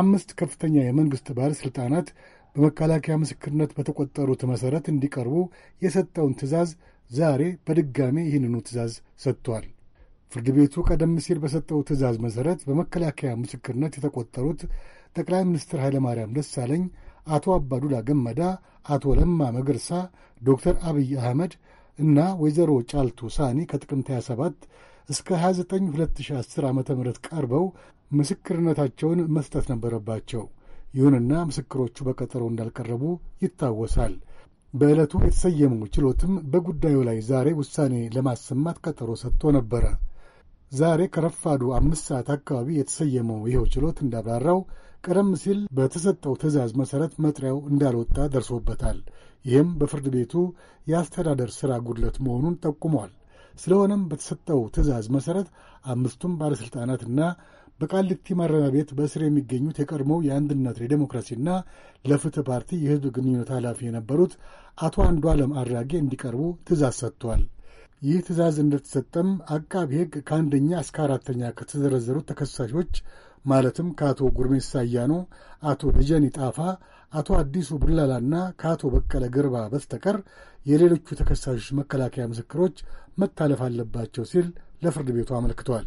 Speaker 9: አምስት ከፍተኛ የመንግሥት ባለሥልጣናት በመከላከያ ምስክርነት በተቆጠሩት መሠረት እንዲቀርቡ የሰጠውን ትእዛዝ ዛሬ በድጋሜ ይህንኑ ትእዛዝ ሰጥቷል። ፍርድ ቤቱ ቀደም ሲል በሰጠው ትእዛዝ መሠረት በመከላከያ ምስክርነት የተቆጠሩት ጠቅላይ ሚኒስትር ኃይለማርያም ደሳለኝ፣ አቶ አባዱላ ገመዳ፣ አቶ ለማ መገርሳ፣ ዶክተር አብይ አህመድ እና ወይዘሮ ጫልቱ ሳኒ ከጥቅምት 27 እስከ 29 2010 ዓ ም ቀርበው ምስክርነታቸውን መስጠት ነበረባቸው። ይሁንና ምስክሮቹ በቀጠሮ እንዳልቀረቡ ይታወሳል። በዕለቱ የተሰየመው ችሎትም በጉዳዩ ላይ ዛሬ ውሳኔ ለማሰማት ቀጠሮ ሰጥቶ ነበረ። ዛሬ ከረፋዱ አምስት ሰዓት አካባቢ የተሰየመው ይኸው ችሎት እንዳብራራው ቀደም ሲል በተሰጠው ትዕዛዝ መሠረት መጥሪያው እንዳልወጣ ደርሶበታል። ይህም በፍርድ ቤቱ የአስተዳደር ሥራ ጉድለት መሆኑን ጠቁሟል። ስለሆነም በተሰጠው ትዕዛዝ መሠረት አምስቱም ባለሥልጣናትና በቃሊቲ ማረሚያ ቤት በእስር የሚገኙት የቀድሞው የአንድነት ለዲሞክራሲና ለፍትህ ፓርቲ የህዝብ ግንኙነት ኃላፊ የነበሩት አቶ አንዱ ዓለም አድራጌ እንዲቀርቡ ትእዛዝ ሰጥቷል። ይህ ትእዛዝ እንደተሰጠም አቃቢ ህግ ከአንደኛ እስከ አራተኛ ከተዘረዘሩት ተከሳሾች ማለትም ከአቶ ጉርሜሳ አያኖ፣ አቶ ልጀኒ ጣፋ፣ አቶ አዲሱ ቡላላና ከአቶ በቀለ ገርባ በስተቀር የሌሎቹ ተከሳሾች መከላከያ ምስክሮች መታለፍ አለባቸው ሲል ለፍርድ ቤቱ አመልክቷል።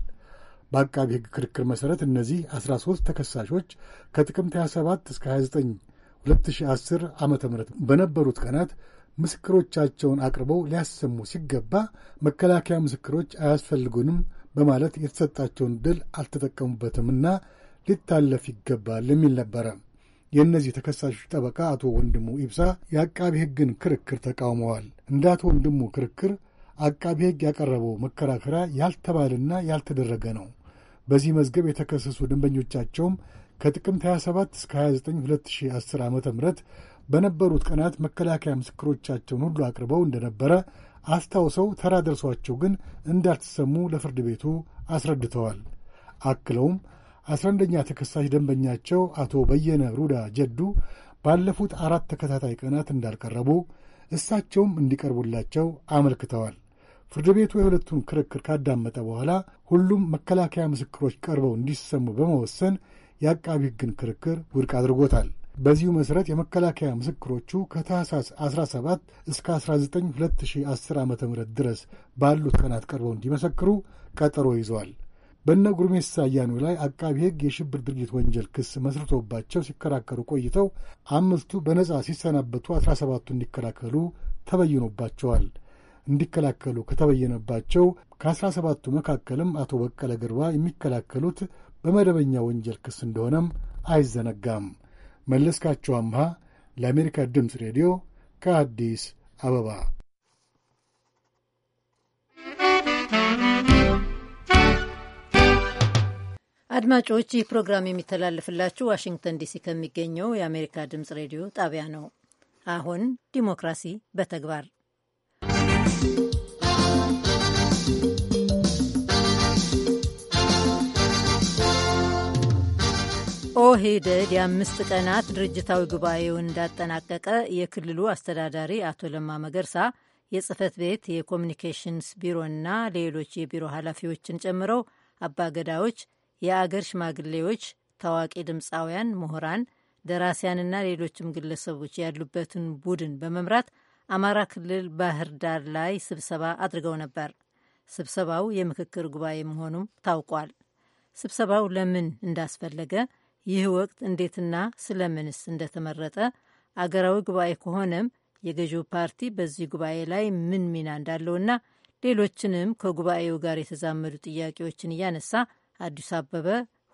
Speaker 9: በአቃቢ ሕግ ክርክር መሠረት እነዚህ 13 ተከሳሾች ከጥቅምት 27 እስከ 29 2010 ዓ ም በነበሩት ቀናት ምስክሮቻቸውን አቅርበው ሊያሰሙ ሲገባ መከላከያ ምስክሮች አያስፈልጉንም በማለት የተሰጣቸውን ድል አልተጠቀሙበትምና ሊታለፍ ይገባል የሚል ነበረ። የእነዚህ ተከሳሾች ጠበቃ አቶ ወንድሙ ኢብሳ የአቃቢ ሕግን ክርክር ተቃውመዋል። እንደ አቶ ወንድሙ ክርክር አቃቢ ሕግ ያቀረበው መከራከሪያ ያልተባለና ያልተደረገ ነው። በዚህ መዝገብ የተከሰሱ ደንበኞቻቸውም ከጥቅምት 27 እስከ 29 2010 ዓ ም በነበሩት ቀናት መከላከያ ምስክሮቻቸውን ሁሉ አቅርበው እንደነበረ አስታውሰው ተራ ደርሷቸው ግን እንዳልተሰሙ ለፍርድ ቤቱ አስረድተዋል። አክለውም አስራ አንደኛ ተከሳሽ ደንበኛቸው አቶ በየነ ሩዳ ጀዱ ባለፉት አራት ተከታታይ ቀናት እንዳልቀረቡ እሳቸውም እንዲቀርቡላቸው አመልክተዋል። ፍርድ ቤቱ የሁለቱን ክርክር ካዳመጠ በኋላ ሁሉም መከላከያ ምስክሮች ቀርበው እንዲሰሙ በመወሰን የአቃቢ ሕግን ክርክር ውድቅ አድርጎታል። በዚሁ መሠረት የመከላከያ ምስክሮቹ ከታህሳስ 17 እስከ 19 2010 ዓ ም ድረስ ባሉት ቀናት ቀርበው እንዲመሰክሩ ቀጠሮ ይዘዋል። በነ ጉርሜሳ አያኑ ላይ አቃቢ ሕግ የሽብር ድርጊት ወንጀል ክስ መስርቶባቸው ሲከራከሩ ቆይተው አምስቱ በነጻ ሲሰናበቱ 17ቱ እንዲከላከሉ ተበይኖባቸዋል። እንዲከላከሉ ከተበየነባቸው ከአስራ ሰባቱ መካከልም አቶ በቀለ ገርባ የሚከላከሉት በመደበኛ ወንጀል ክስ እንደሆነም አይዘነጋም። መለስካቸው አምሃ ለአሜሪካ ድምፅ ሬዲዮ ከአዲስ አበባ።
Speaker 3: አድማጮች ይህ ፕሮግራም የሚተላለፍላችሁ ዋሽንግተን ዲሲ ከሚገኘው የአሜሪካ ድምፅ ሬዲዮ ጣቢያ ነው። አሁን ዲሞክራሲ በተግባር ኦህዴድ የአምስት ቀናት ድርጅታዊ ጉባኤውን እንዳጠናቀቀ የክልሉ አስተዳዳሪ አቶ ለማ መገርሳ የጽህፈት ቤት የኮሚኒኬሽንስ ቢሮና ሌሎች የቢሮ ኃላፊዎችን ጨምረው አባገዳዎች፣ የአገር ሽማግሌዎች፣ ታዋቂ ድምፃውያን፣ ምሁራን፣ ደራሲያንና ሌሎችም ግለሰቦች ያሉበትን ቡድን በመምራት አማራ ክልል ባህር ዳር ላይ ስብሰባ አድርገው ነበር። ስብሰባው የምክክር ጉባኤ መሆኑም ታውቋል። ስብሰባው ለምን እንዳስፈለገ ይህ ወቅት እንዴትና ስለምንስ እንደተመረጠ አገራዊ ጉባኤ ከሆነም የገዢው ፓርቲ በዚህ ጉባኤ ላይ ምን ሚና እንዳለውና ሌሎችንም ከጉባኤው ጋር የተዛመዱ ጥያቄዎችን እያነሳ አዲስ አበበ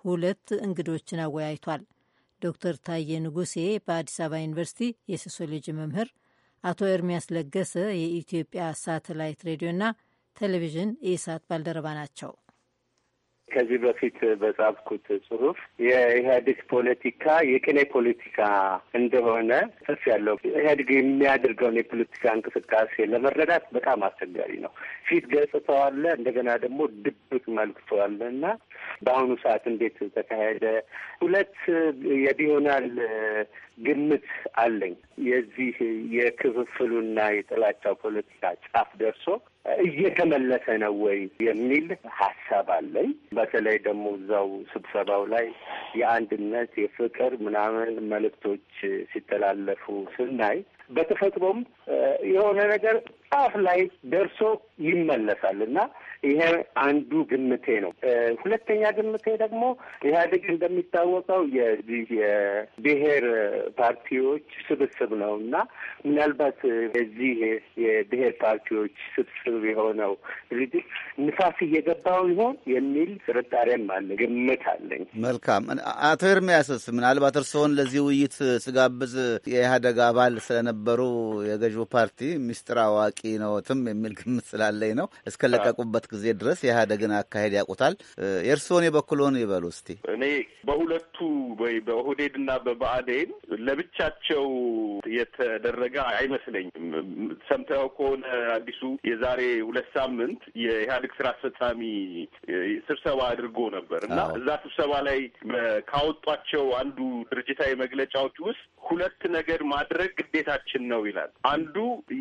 Speaker 3: ሁለት እንግዶችን አወያይቷል። ዶክተር ታዬ ንጉሴ በአዲስ አበባ ዩኒቨርሲቲ የሶሲዮሎጂ መምህር፣ አቶ ኤርሚያስ ለገሰ የኢትዮጵያ ሳተላይት ሬዲዮና ቴሌቪዥን ኢሳት ባልደረባ ናቸው።
Speaker 8: ከዚህ በፊት በጻፍኩት ጽሁፍ የኢህአዴግ ፖለቲካ የቅኔ ፖለቲካ እንደሆነ ጽፍ ያለው ኢህአዴግ የሚያደርገውን የፖለቲካ እንቅስቃሴ ለመረዳት በጣም አስቸጋሪ ነው። ፊት ገጽታው አለ፣ እንደገና ደግሞ ድብቅ መልክቶ አለ እና በአሁኑ ሰዓት እንዴት ተካሄደ ሁለት የቢሆናል ግምት አለኝ። የዚህ የክፍፍሉና የጥላቻው ፖለቲካ ጫፍ ደርሶ እየተመለሰ ነው ወይ የሚል ሀሳብ አለኝ። በተለይ ደግሞ እዛው ስብሰባው ላይ የአንድነት የፍቅር ምናምን መልእክቶች ሲተላለፉ ስናይ በተፈጥሮም የሆነ ነገር ጫፍ ላይ ደርሶ ይመለሳል እና ይሄ አንዱ ግምቴ ነው። ሁለተኛ ግምቴ ደግሞ ኢህአዴግ እንደሚታወቀው የብሔር ፓርቲዎች ስብስብ ነው እና ምናልባት የዚህ የብሔር ፓርቲዎች ስብስብ የሆነው ድርጅት ንፋስ እየገባው ይሆን የሚል ጥርጣሬም አለ፣ ግምት አለኝ።
Speaker 12: መልካም አቶ ኤርሚያስስ፣ ምናልባት እርስዎን ለዚህ ውይይት ስጋብዝ የኢህአዴግ አባል ስለነበ የነበሩ የገዢው ፓርቲ ሚስጥር አዋቂ ነዎትም የሚል ግምት ስላለኝ ነው። እስከለቀቁበት ጊዜ ድረስ የኢህአዴግን አካሄድ ያውቁታል። የእርስዎን የበኩሎን ይበሉ እስቲ። እኔ
Speaker 14: በሁለቱ ወይ በኦህዴድ እና በብአዴን ለብቻቸው የተደረገ አይመስለኝም። ሰምተው ከሆነ አዲሱ የዛሬ ሁለት ሳምንት የኢህአዴግ ስራ አስፈጻሚ ስብሰባ አድርጎ ነበር እና እዛ ስብሰባ ላይ ካወጧቸው አንዱ ድርጅታዊ መግለጫዎች ውስጥ ሁለት ነገር ማድረግ ግዴታቸው ስራችን ነው ይላል። አንዱ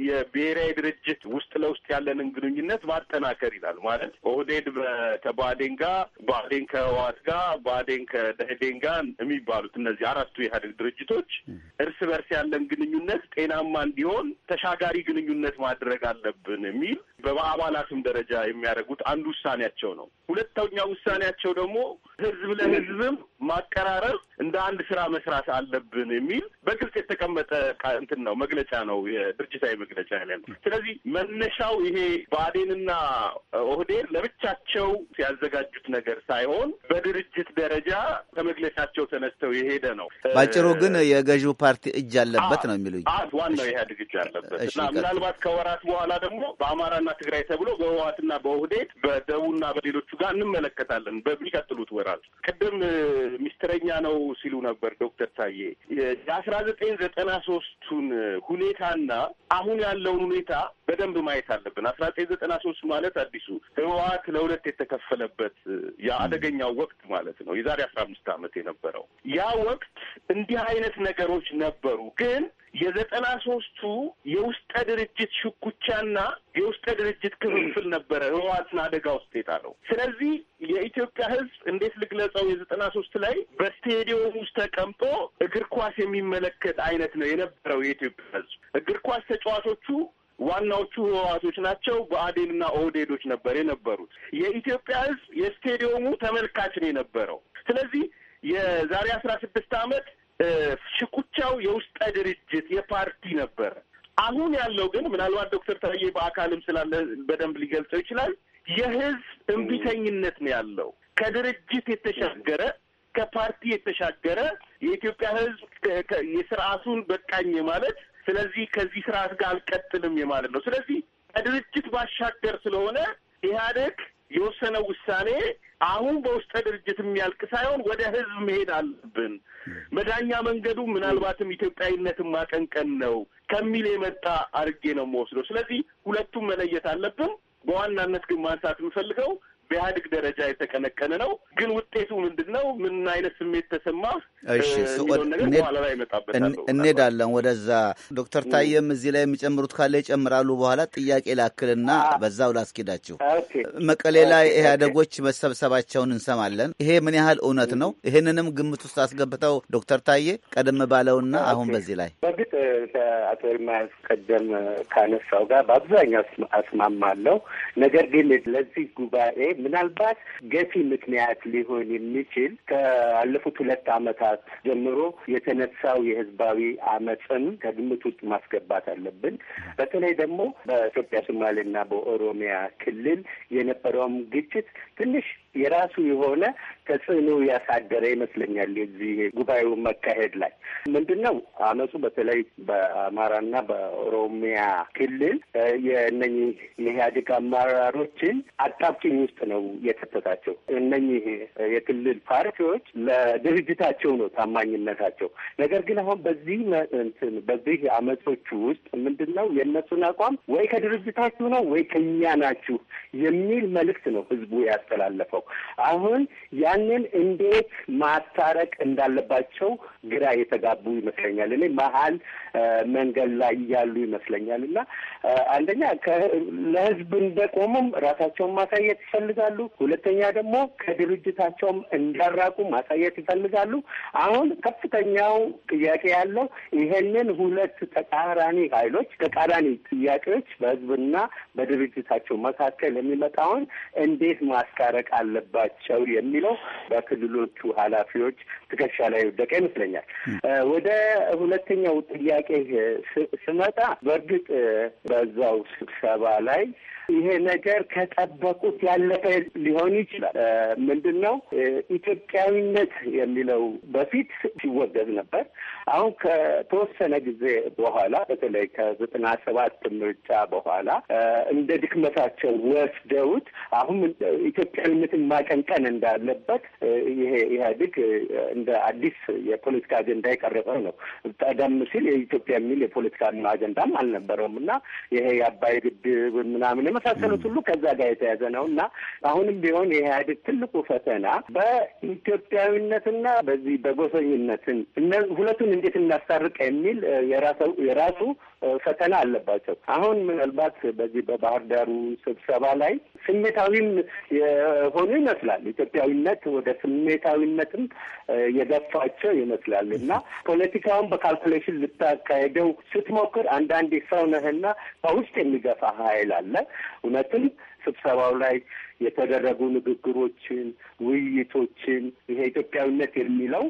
Speaker 14: የብሔራዊ ድርጅት ውስጥ ለውስጥ ያለንን ግንኙነት ማጠናከር ይላል። ማለት ኦህዴድ ከባዴን ጋር፣ ባዴን ከህዋት ጋር፣ ባዴን ከደህዴን ጋር የሚባሉት እነዚህ አራቱ የኢህአዴግ ድርጅቶች እርስ በርስ ያለን ግንኙነት ጤናማ እንዲሆን ተሻጋሪ ግንኙነት ማድረግ አለብን የሚል በአባላትም ደረጃ የሚያደርጉት አንዱ ውሳኔያቸው ነው። ሁለተኛ ውሳኔያቸው ደግሞ ህዝብ ለህዝብም ማቀራረብ እንደ አንድ ስራ መስራት አለብን የሚል በግልጽ የተቀመጠ እንትን ነው ነው መግለጫ ነው የድርጅታዊ መግለጫ ያለ ነው። ስለዚህ መነሻው ይሄ ብአዴንና ኦህዴን ለብቻቸው ያዘጋጁት ነገር ሳይሆን በድርጅት ደረጃ ከመግለጫቸው ተነስተው የሄደ ነው። ባጭሩ ግን
Speaker 12: የገዢው ፓርቲ እጅ አለበት ነው የሚሉኝ።
Speaker 14: ዋናው የኢህአዴግ እጅ አለበት እና ምናልባት ከወራት በኋላ ደግሞ በአማራና ትግራይ ተብሎ በህወሓትና በኦህዴድ በደቡብና በሌሎቹ ጋር እንመለከታለን በሚቀጥሉት ወራት። ቅድም ሚስጥረኛ ነው ሲሉ ነበር ዶክተር ታዬ የአስራ ዘጠኝ ዘጠና ሶስቱን ሁኔታና አሁን ያለውን ሁኔታ በደንብ ማየት አለብን። አስራ ዘጠኝ ዘጠና ሶስት ማለት አዲሱ ህወሀት ለሁለት የተከፈለበት የአደገኛው ወቅት ማለት ነው። የዛሬ አስራ አምስት ዓመት የነበረው ያ ወቅት እንዲህ አይነት ነገሮች ነበሩ ግን የዘጠና ሶስቱ የውስጠ ድርጅት ሽኩቻና የውስጠ ድርጅት ክፍፍል ነበረ ህወሓትን አደጋ ውስጥ የጣለው። ስለዚህ የኢትዮጵያ ህዝብ እንዴት ልግለጸው፣ የዘጠና ሶስት ላይ በስቴዲየም ውስጥ ተቀምጦ እግር ኳስ የሚመለከት አይነት ነው የነበረው የኢትዮጵያ ህዝብ። እግር ኳስ ተጫዋቾቹ ዋናዎቹ ህወሓቶች ናቸው። በአዴንና ኦህዴዶች ነበር የነበሩት። የኢትዮጵያ ህዝብ የስቴዲየሙ ተመልካች ነው የነበረው። ስለዚህ የዛሬ አስራ ስድስት ዓመት ሽኩቻው የውስጠ ድርጅት የፓርቲ ነበረ። አሁን ያለው ግን ምናልባት ዶክተር ታዬ በአካልም ስላለ በደንብ ሊገልጸው ይችላል። የህዝብ እምቢተኝነት ነው ያለው ከድርጅት የተሻገረ ከፓርቲ የተሻገረ የኢትዮጵያ ህዝብ የስርዓቱን በቃኝ ማለት ስለዚህ ከዚህ ስርዓት ጋር አልቀጥልም የማለት ነው። ስለዚህ ከድርጅት ባሻገር ስለሆነ ኢህአዴግ የወሰነው ውሳኔ አሁን በውስጠ ድርጅት የሚያልቅ ሳይሆን ወደ ህዝብ መሄድ አለብን። መዳኛ መንገዱ ምናልባትም ኢትዮጵያዊነትን ማቀንቀን ነው ከሚል የመጣ አድርጌ ነው የምወስደው። ስለዚህ ሁለቱም መለየት አለብን። በዋናነት ግን ማንሳት የምፈልገው በኢህአዴግ ደረጃ የተቀነቀነ ነው። ግን ውጤቱ ምንድን ነው? ምን አይነት ስሜት ተሰማ እሺ ነገር በኋላ ላይ ይመጣበታል።
Speaker 12: እንሄዳለን ወደዛ። ዶክተር ታየም እዚህ ላይ የሚጨምሩት ካለ ይጨምራሉ። በኋላ ጥያቄ ላክልና በዛው ላስኪዳችሁ። መቀሌ ላይ ኢህአዴጎች መሰብሰባቸውን እንሰማለን። ይሄ ምን ያህል እውነት ነው? ይህንንም ግምት ውስጥ አስገብተው ዶክተር ታዬ ቀደም ባለውና አሁን በዚህ ላይ
Speaker 8: በእርግጥ አቶ ሪማ ቀደም ካነሳው ጋር በአብዛኛው አስማማለሁ። ነገር ግን ለዚህ ጉባኤ ምናልባት ገፊ ምክንያት ሊሆን የሚችል ከአለፉት ሁለት አመታት ጀምሮ የተነሳው የህዝባዊ አመፅን ከግምት ውስጥ ማስገባት አለብን። በተለይ ደግሞ በኢትዮጵያ ሶማሌና በኦሮሚያ ክልል የነበረውም ግጭት ትንሽ የራሱ የሆነ ተጽዕኖ ያሳደረ ይመስለኛል። የዚህ ጉባኤው መካሄድ ላይ ምንድን ነው አመፁ በተለይ በአማራና በኦሮሚያ ክልል የእነኚህ የኢህአዴግ አመራሮችን አጣብቂኝ ውስጥ ነው የከተታቸው። እነኚህ የክልል ፓርቲዎች ለድርጅታቸው ነው ታማኝነታቸው። ነገር ግን አሁን በዚህ እንትን በዚህ አመፆቹ ውስጥ ምንድን ነው የእነሱን አቋም ወይ ከድርጅታችሁ ነው ወይ ከኛ ናችሁ የሚል መልእክት ነው ህዝቡ ያስተላለፈው አሁን ያን ያንን እንዴት ማስታረቅ እንዳለባቸው ግራ የተጋቡ ይመስለኛል። እኔ መሀል መንገድ ላይ ያሉ ይመስለኛል እና አንደኛ ለህዝብ እንደቆሙም ራሳቸውን ማሳየት ይፈልጋሉ። ሁለተኛ ደግሞ ከድርጅታቸውም እንዳራቁ ማሳየት ይፈልጋሉ። አሁን ከፍተኛው ጥያቄ ያለው ይሄንን ሁለት ተቃራኒ ኃይሎች ተቃራኒ ጥያቄዎች በህዝብና በድርጅታቸው መካከል የሚመጣውን እንዴት ማስታረቅ አለባቸው የሚለው በክልሎቹ ኃላፊዎች ትከሻ ላይ የወደቀ ይመስለኛል። ወደ ሁለተኛው ጥያቄ ስመጣ በእርግጥ በዛው ስብሰባ ላይ ይሄ ነገር ከጠበቁት ያለፈ ሊሆን ይችላል። ምንድን ነው ኢትዮጵያዊነት የሚለው በፊት ሲወገዝ ነበር። አሁን ከተወሰነ ጊዜ በኋላ በተለይ ከዘጠና ሰባት ምርጫ በኋላ እንደ ድክመታቸው ወስደውት አሁን ኢትዮጵያዊነትን ማቀንቀን እንዳለበት ይሄ ኢህአዴግ እንደ አዲስ የፖለቲካ አጀንዳ የቀረበው ነው። ቀደም ሲል የኢትዮጵያ የሚል የፖለቲካ አጀንዳም አልነበረውም እና ይሄ የአባይ ግድብ ምናምን የመሳሰሉት ሁሉ ከዛ ጋር የተያዘ ነው እና አሁንም ቢሆን የኢህአዴግ ትልቁ ፈተና በኢትዮጵያዊነትና በዚህ በጎሰኝነትን ሁለቱን እንዴት እናስታርቅ የሚል የራሱ ፈተና አለባቸው። አሁን ምናልባት በዚህ በባህር ዳሩ ስብሰባ ላይ ስሜታዊም የሆኑ ይመስላል። ኢትዮጵያዊነት ወደ ስሜታዊነትም የገፋቸው ይመስላል እና ፖለቲካውን በካልኩሌሽን ልታካሄደው ስትሞክር አንዳንዴ ሰው ነህና የሚገፋ ኃይል አለ እውነትም ስብሰባው ላይ የተደረጉ ንግግሮችን፣ ውይይቶችን ይሄ ኢትዮጵያዊነት የሚለው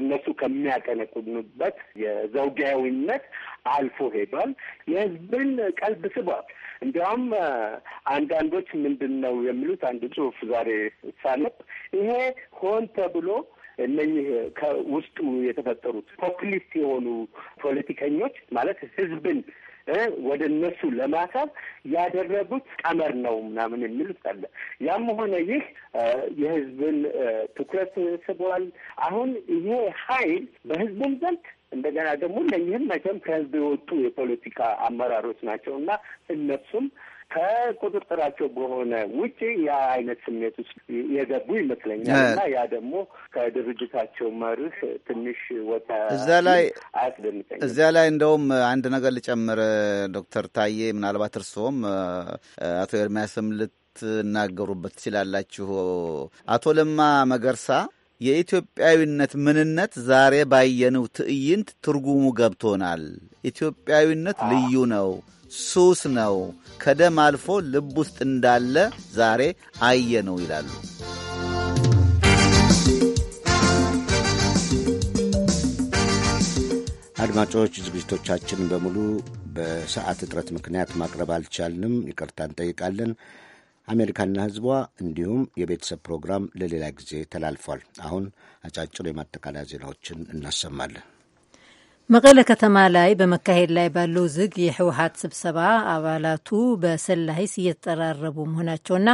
Speaker 8: እነሱ ከሚያቀነቁንበት የዘውጋዊነት አልፎ ሄዷል። የህዝብን ቀልብ ስቧል። እንዲያውም አንዳንዶች ምንድን ነው የሚሉት አንድ ጽሁፍ ዛሬ ሳነብ ይሄ ሆን ተብሎ እነኚህ ከውስጡ የተፈጠሩት ፖፕሊስት የሆኑ ፖለቲከኞች ማለት ህዝብን ወደ እነሱ ለማሳብ ያደረጉት ቀመር ነው ምናምን የሚል አለ። ያም ሆነ ይህ የህዝብን ትኩረት ስቧል። አሁን ይሄ ኃይል በህዝቡም ዘንድ እንደገና ደግሞ ለይህም መቼም ከህዝብ የወጡ የፖለቲካ አመራሮች ናቸው እና እነሱም ከቁጥጥራቸው በሆነ ውጭ ያ አይነት ስሜት ውስጥ የገቡ ይመስለኛል እና ያ ደግሞ ከድርጅታቸው መርህ ትንሽ ወጣ እዚያ ላይ አያስደንቀኝ። እዚያ
Speaker 12: ላይ እንደውም አንድ ነገር ልጨምር ዶክተር ታዬ ምናልባት እርስዎም አቶ ኤርሚያስም ልትናገሩበት ትችላላችሁ። አቶ ለማ መገርሳ የኢትዮጵያዊነት ምንነት ዛሬ ባየነው ትዕይንት ትርጉሙ ገብቶናል። ኢትዮጵያዊነት ልዩ ነው ሱስ ነው፣ ከደም አልፎ ልብ ውስጥ እንዳለ ዛሬ አየ ነው ይላሉ። አድማጮች ዝግጅቶቻችን በሙሉ
Speaker 2: በሰዓት እጥረት ምክንያት ማቅረብ አልቻልንም፣ ይቅርታ እንጠይቃለን። አሜሪካና ሕዝቧ እንዲሁም የቤተሰብ ፕሮግራም ለሌላ ጊዜ ተላልፏል። አሁን አጫጭር የማጠቃለያ ዜናዎችን እናሰማለን።
Speaker 3: መቀለ ከተማ ላይ በመካሄድ ላይ ባለው ዝግ የህወሀት ስብሰባ አባላቱ በሰላይስ እየተጠራረቡ መሆናቸውና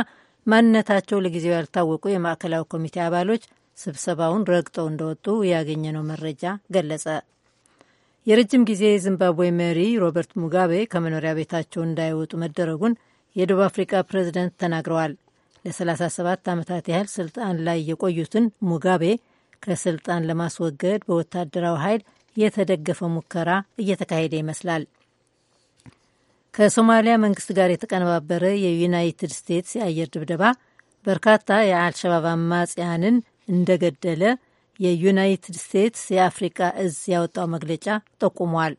Speaker 3: ማንነታቸው ለጊዜው ያልታወቁ የማዕከላዊ ኮሚቴ አባሎች ስብሰባውን ረግጠው እንደወጡ ያገኘነው መረጃ ገለጸ። የረጅም ጊዜ የዚምባብዌ መሪ ሮበርት ሙጋቤ ከመኖሪያ ቤታቸው እንዳይወጡ መደረጉን የደቡብ አፍሪካ ፕሬዝደንት ተናግረዋል። ለ37 ዓመታት ያህል ስልጣን ላይ የቆዩትን ሙጋቤ ከስልጣን ለማስወገድ በወታደራዊ ኃይል የተደገፈ ሙከራ እየተካሄደ ይመስላል። ከሶማሊያ መንግስት ጋር የተቀነባበረ የዩናይትድ ስቴትስ የአየር ድብደባ በርካታ የአልሸባብ አማጽያንን እንደገደለ የዩናይትድ ስቴትስ የአፍሪካ እዝ ያወጣው መግለጫ ጠቁሟል።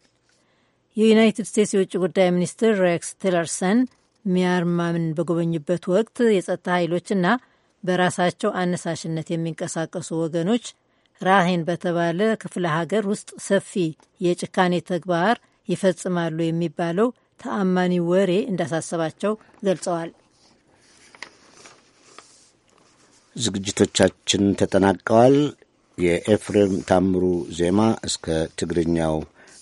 Speaker 3: የዩናይትድ ስቴትስ የውጭ ጉዳይ ሚኒስትር ሬክስ ቲለርሰን ሚያርማምን በጎበኙበት ወቅት የጸጥታ ኃይሎችና በራሳቸው አነሳሽነት የሚንቀሳቀሱ ወገኖች ራሄን በተባለ ክፍለ ሀገር ውስጥ ሰፊ የጭካኔ ተግባር ይፈጽማሉ የሚባለው ተአማኒ ወሬ እንዳሳሰባቸው ገልጸዋል።
Speaker 2: ዝግጅቶቻችን ተጠናቀዋል። የኤፍሬም ታምሩ ዜማ እስከ ትግርኛው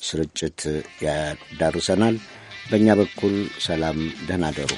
Speaker 2: ስርጭት ያዳርሰናል። በእኛ በኩል ሰላም፣ ደህና ደሩ።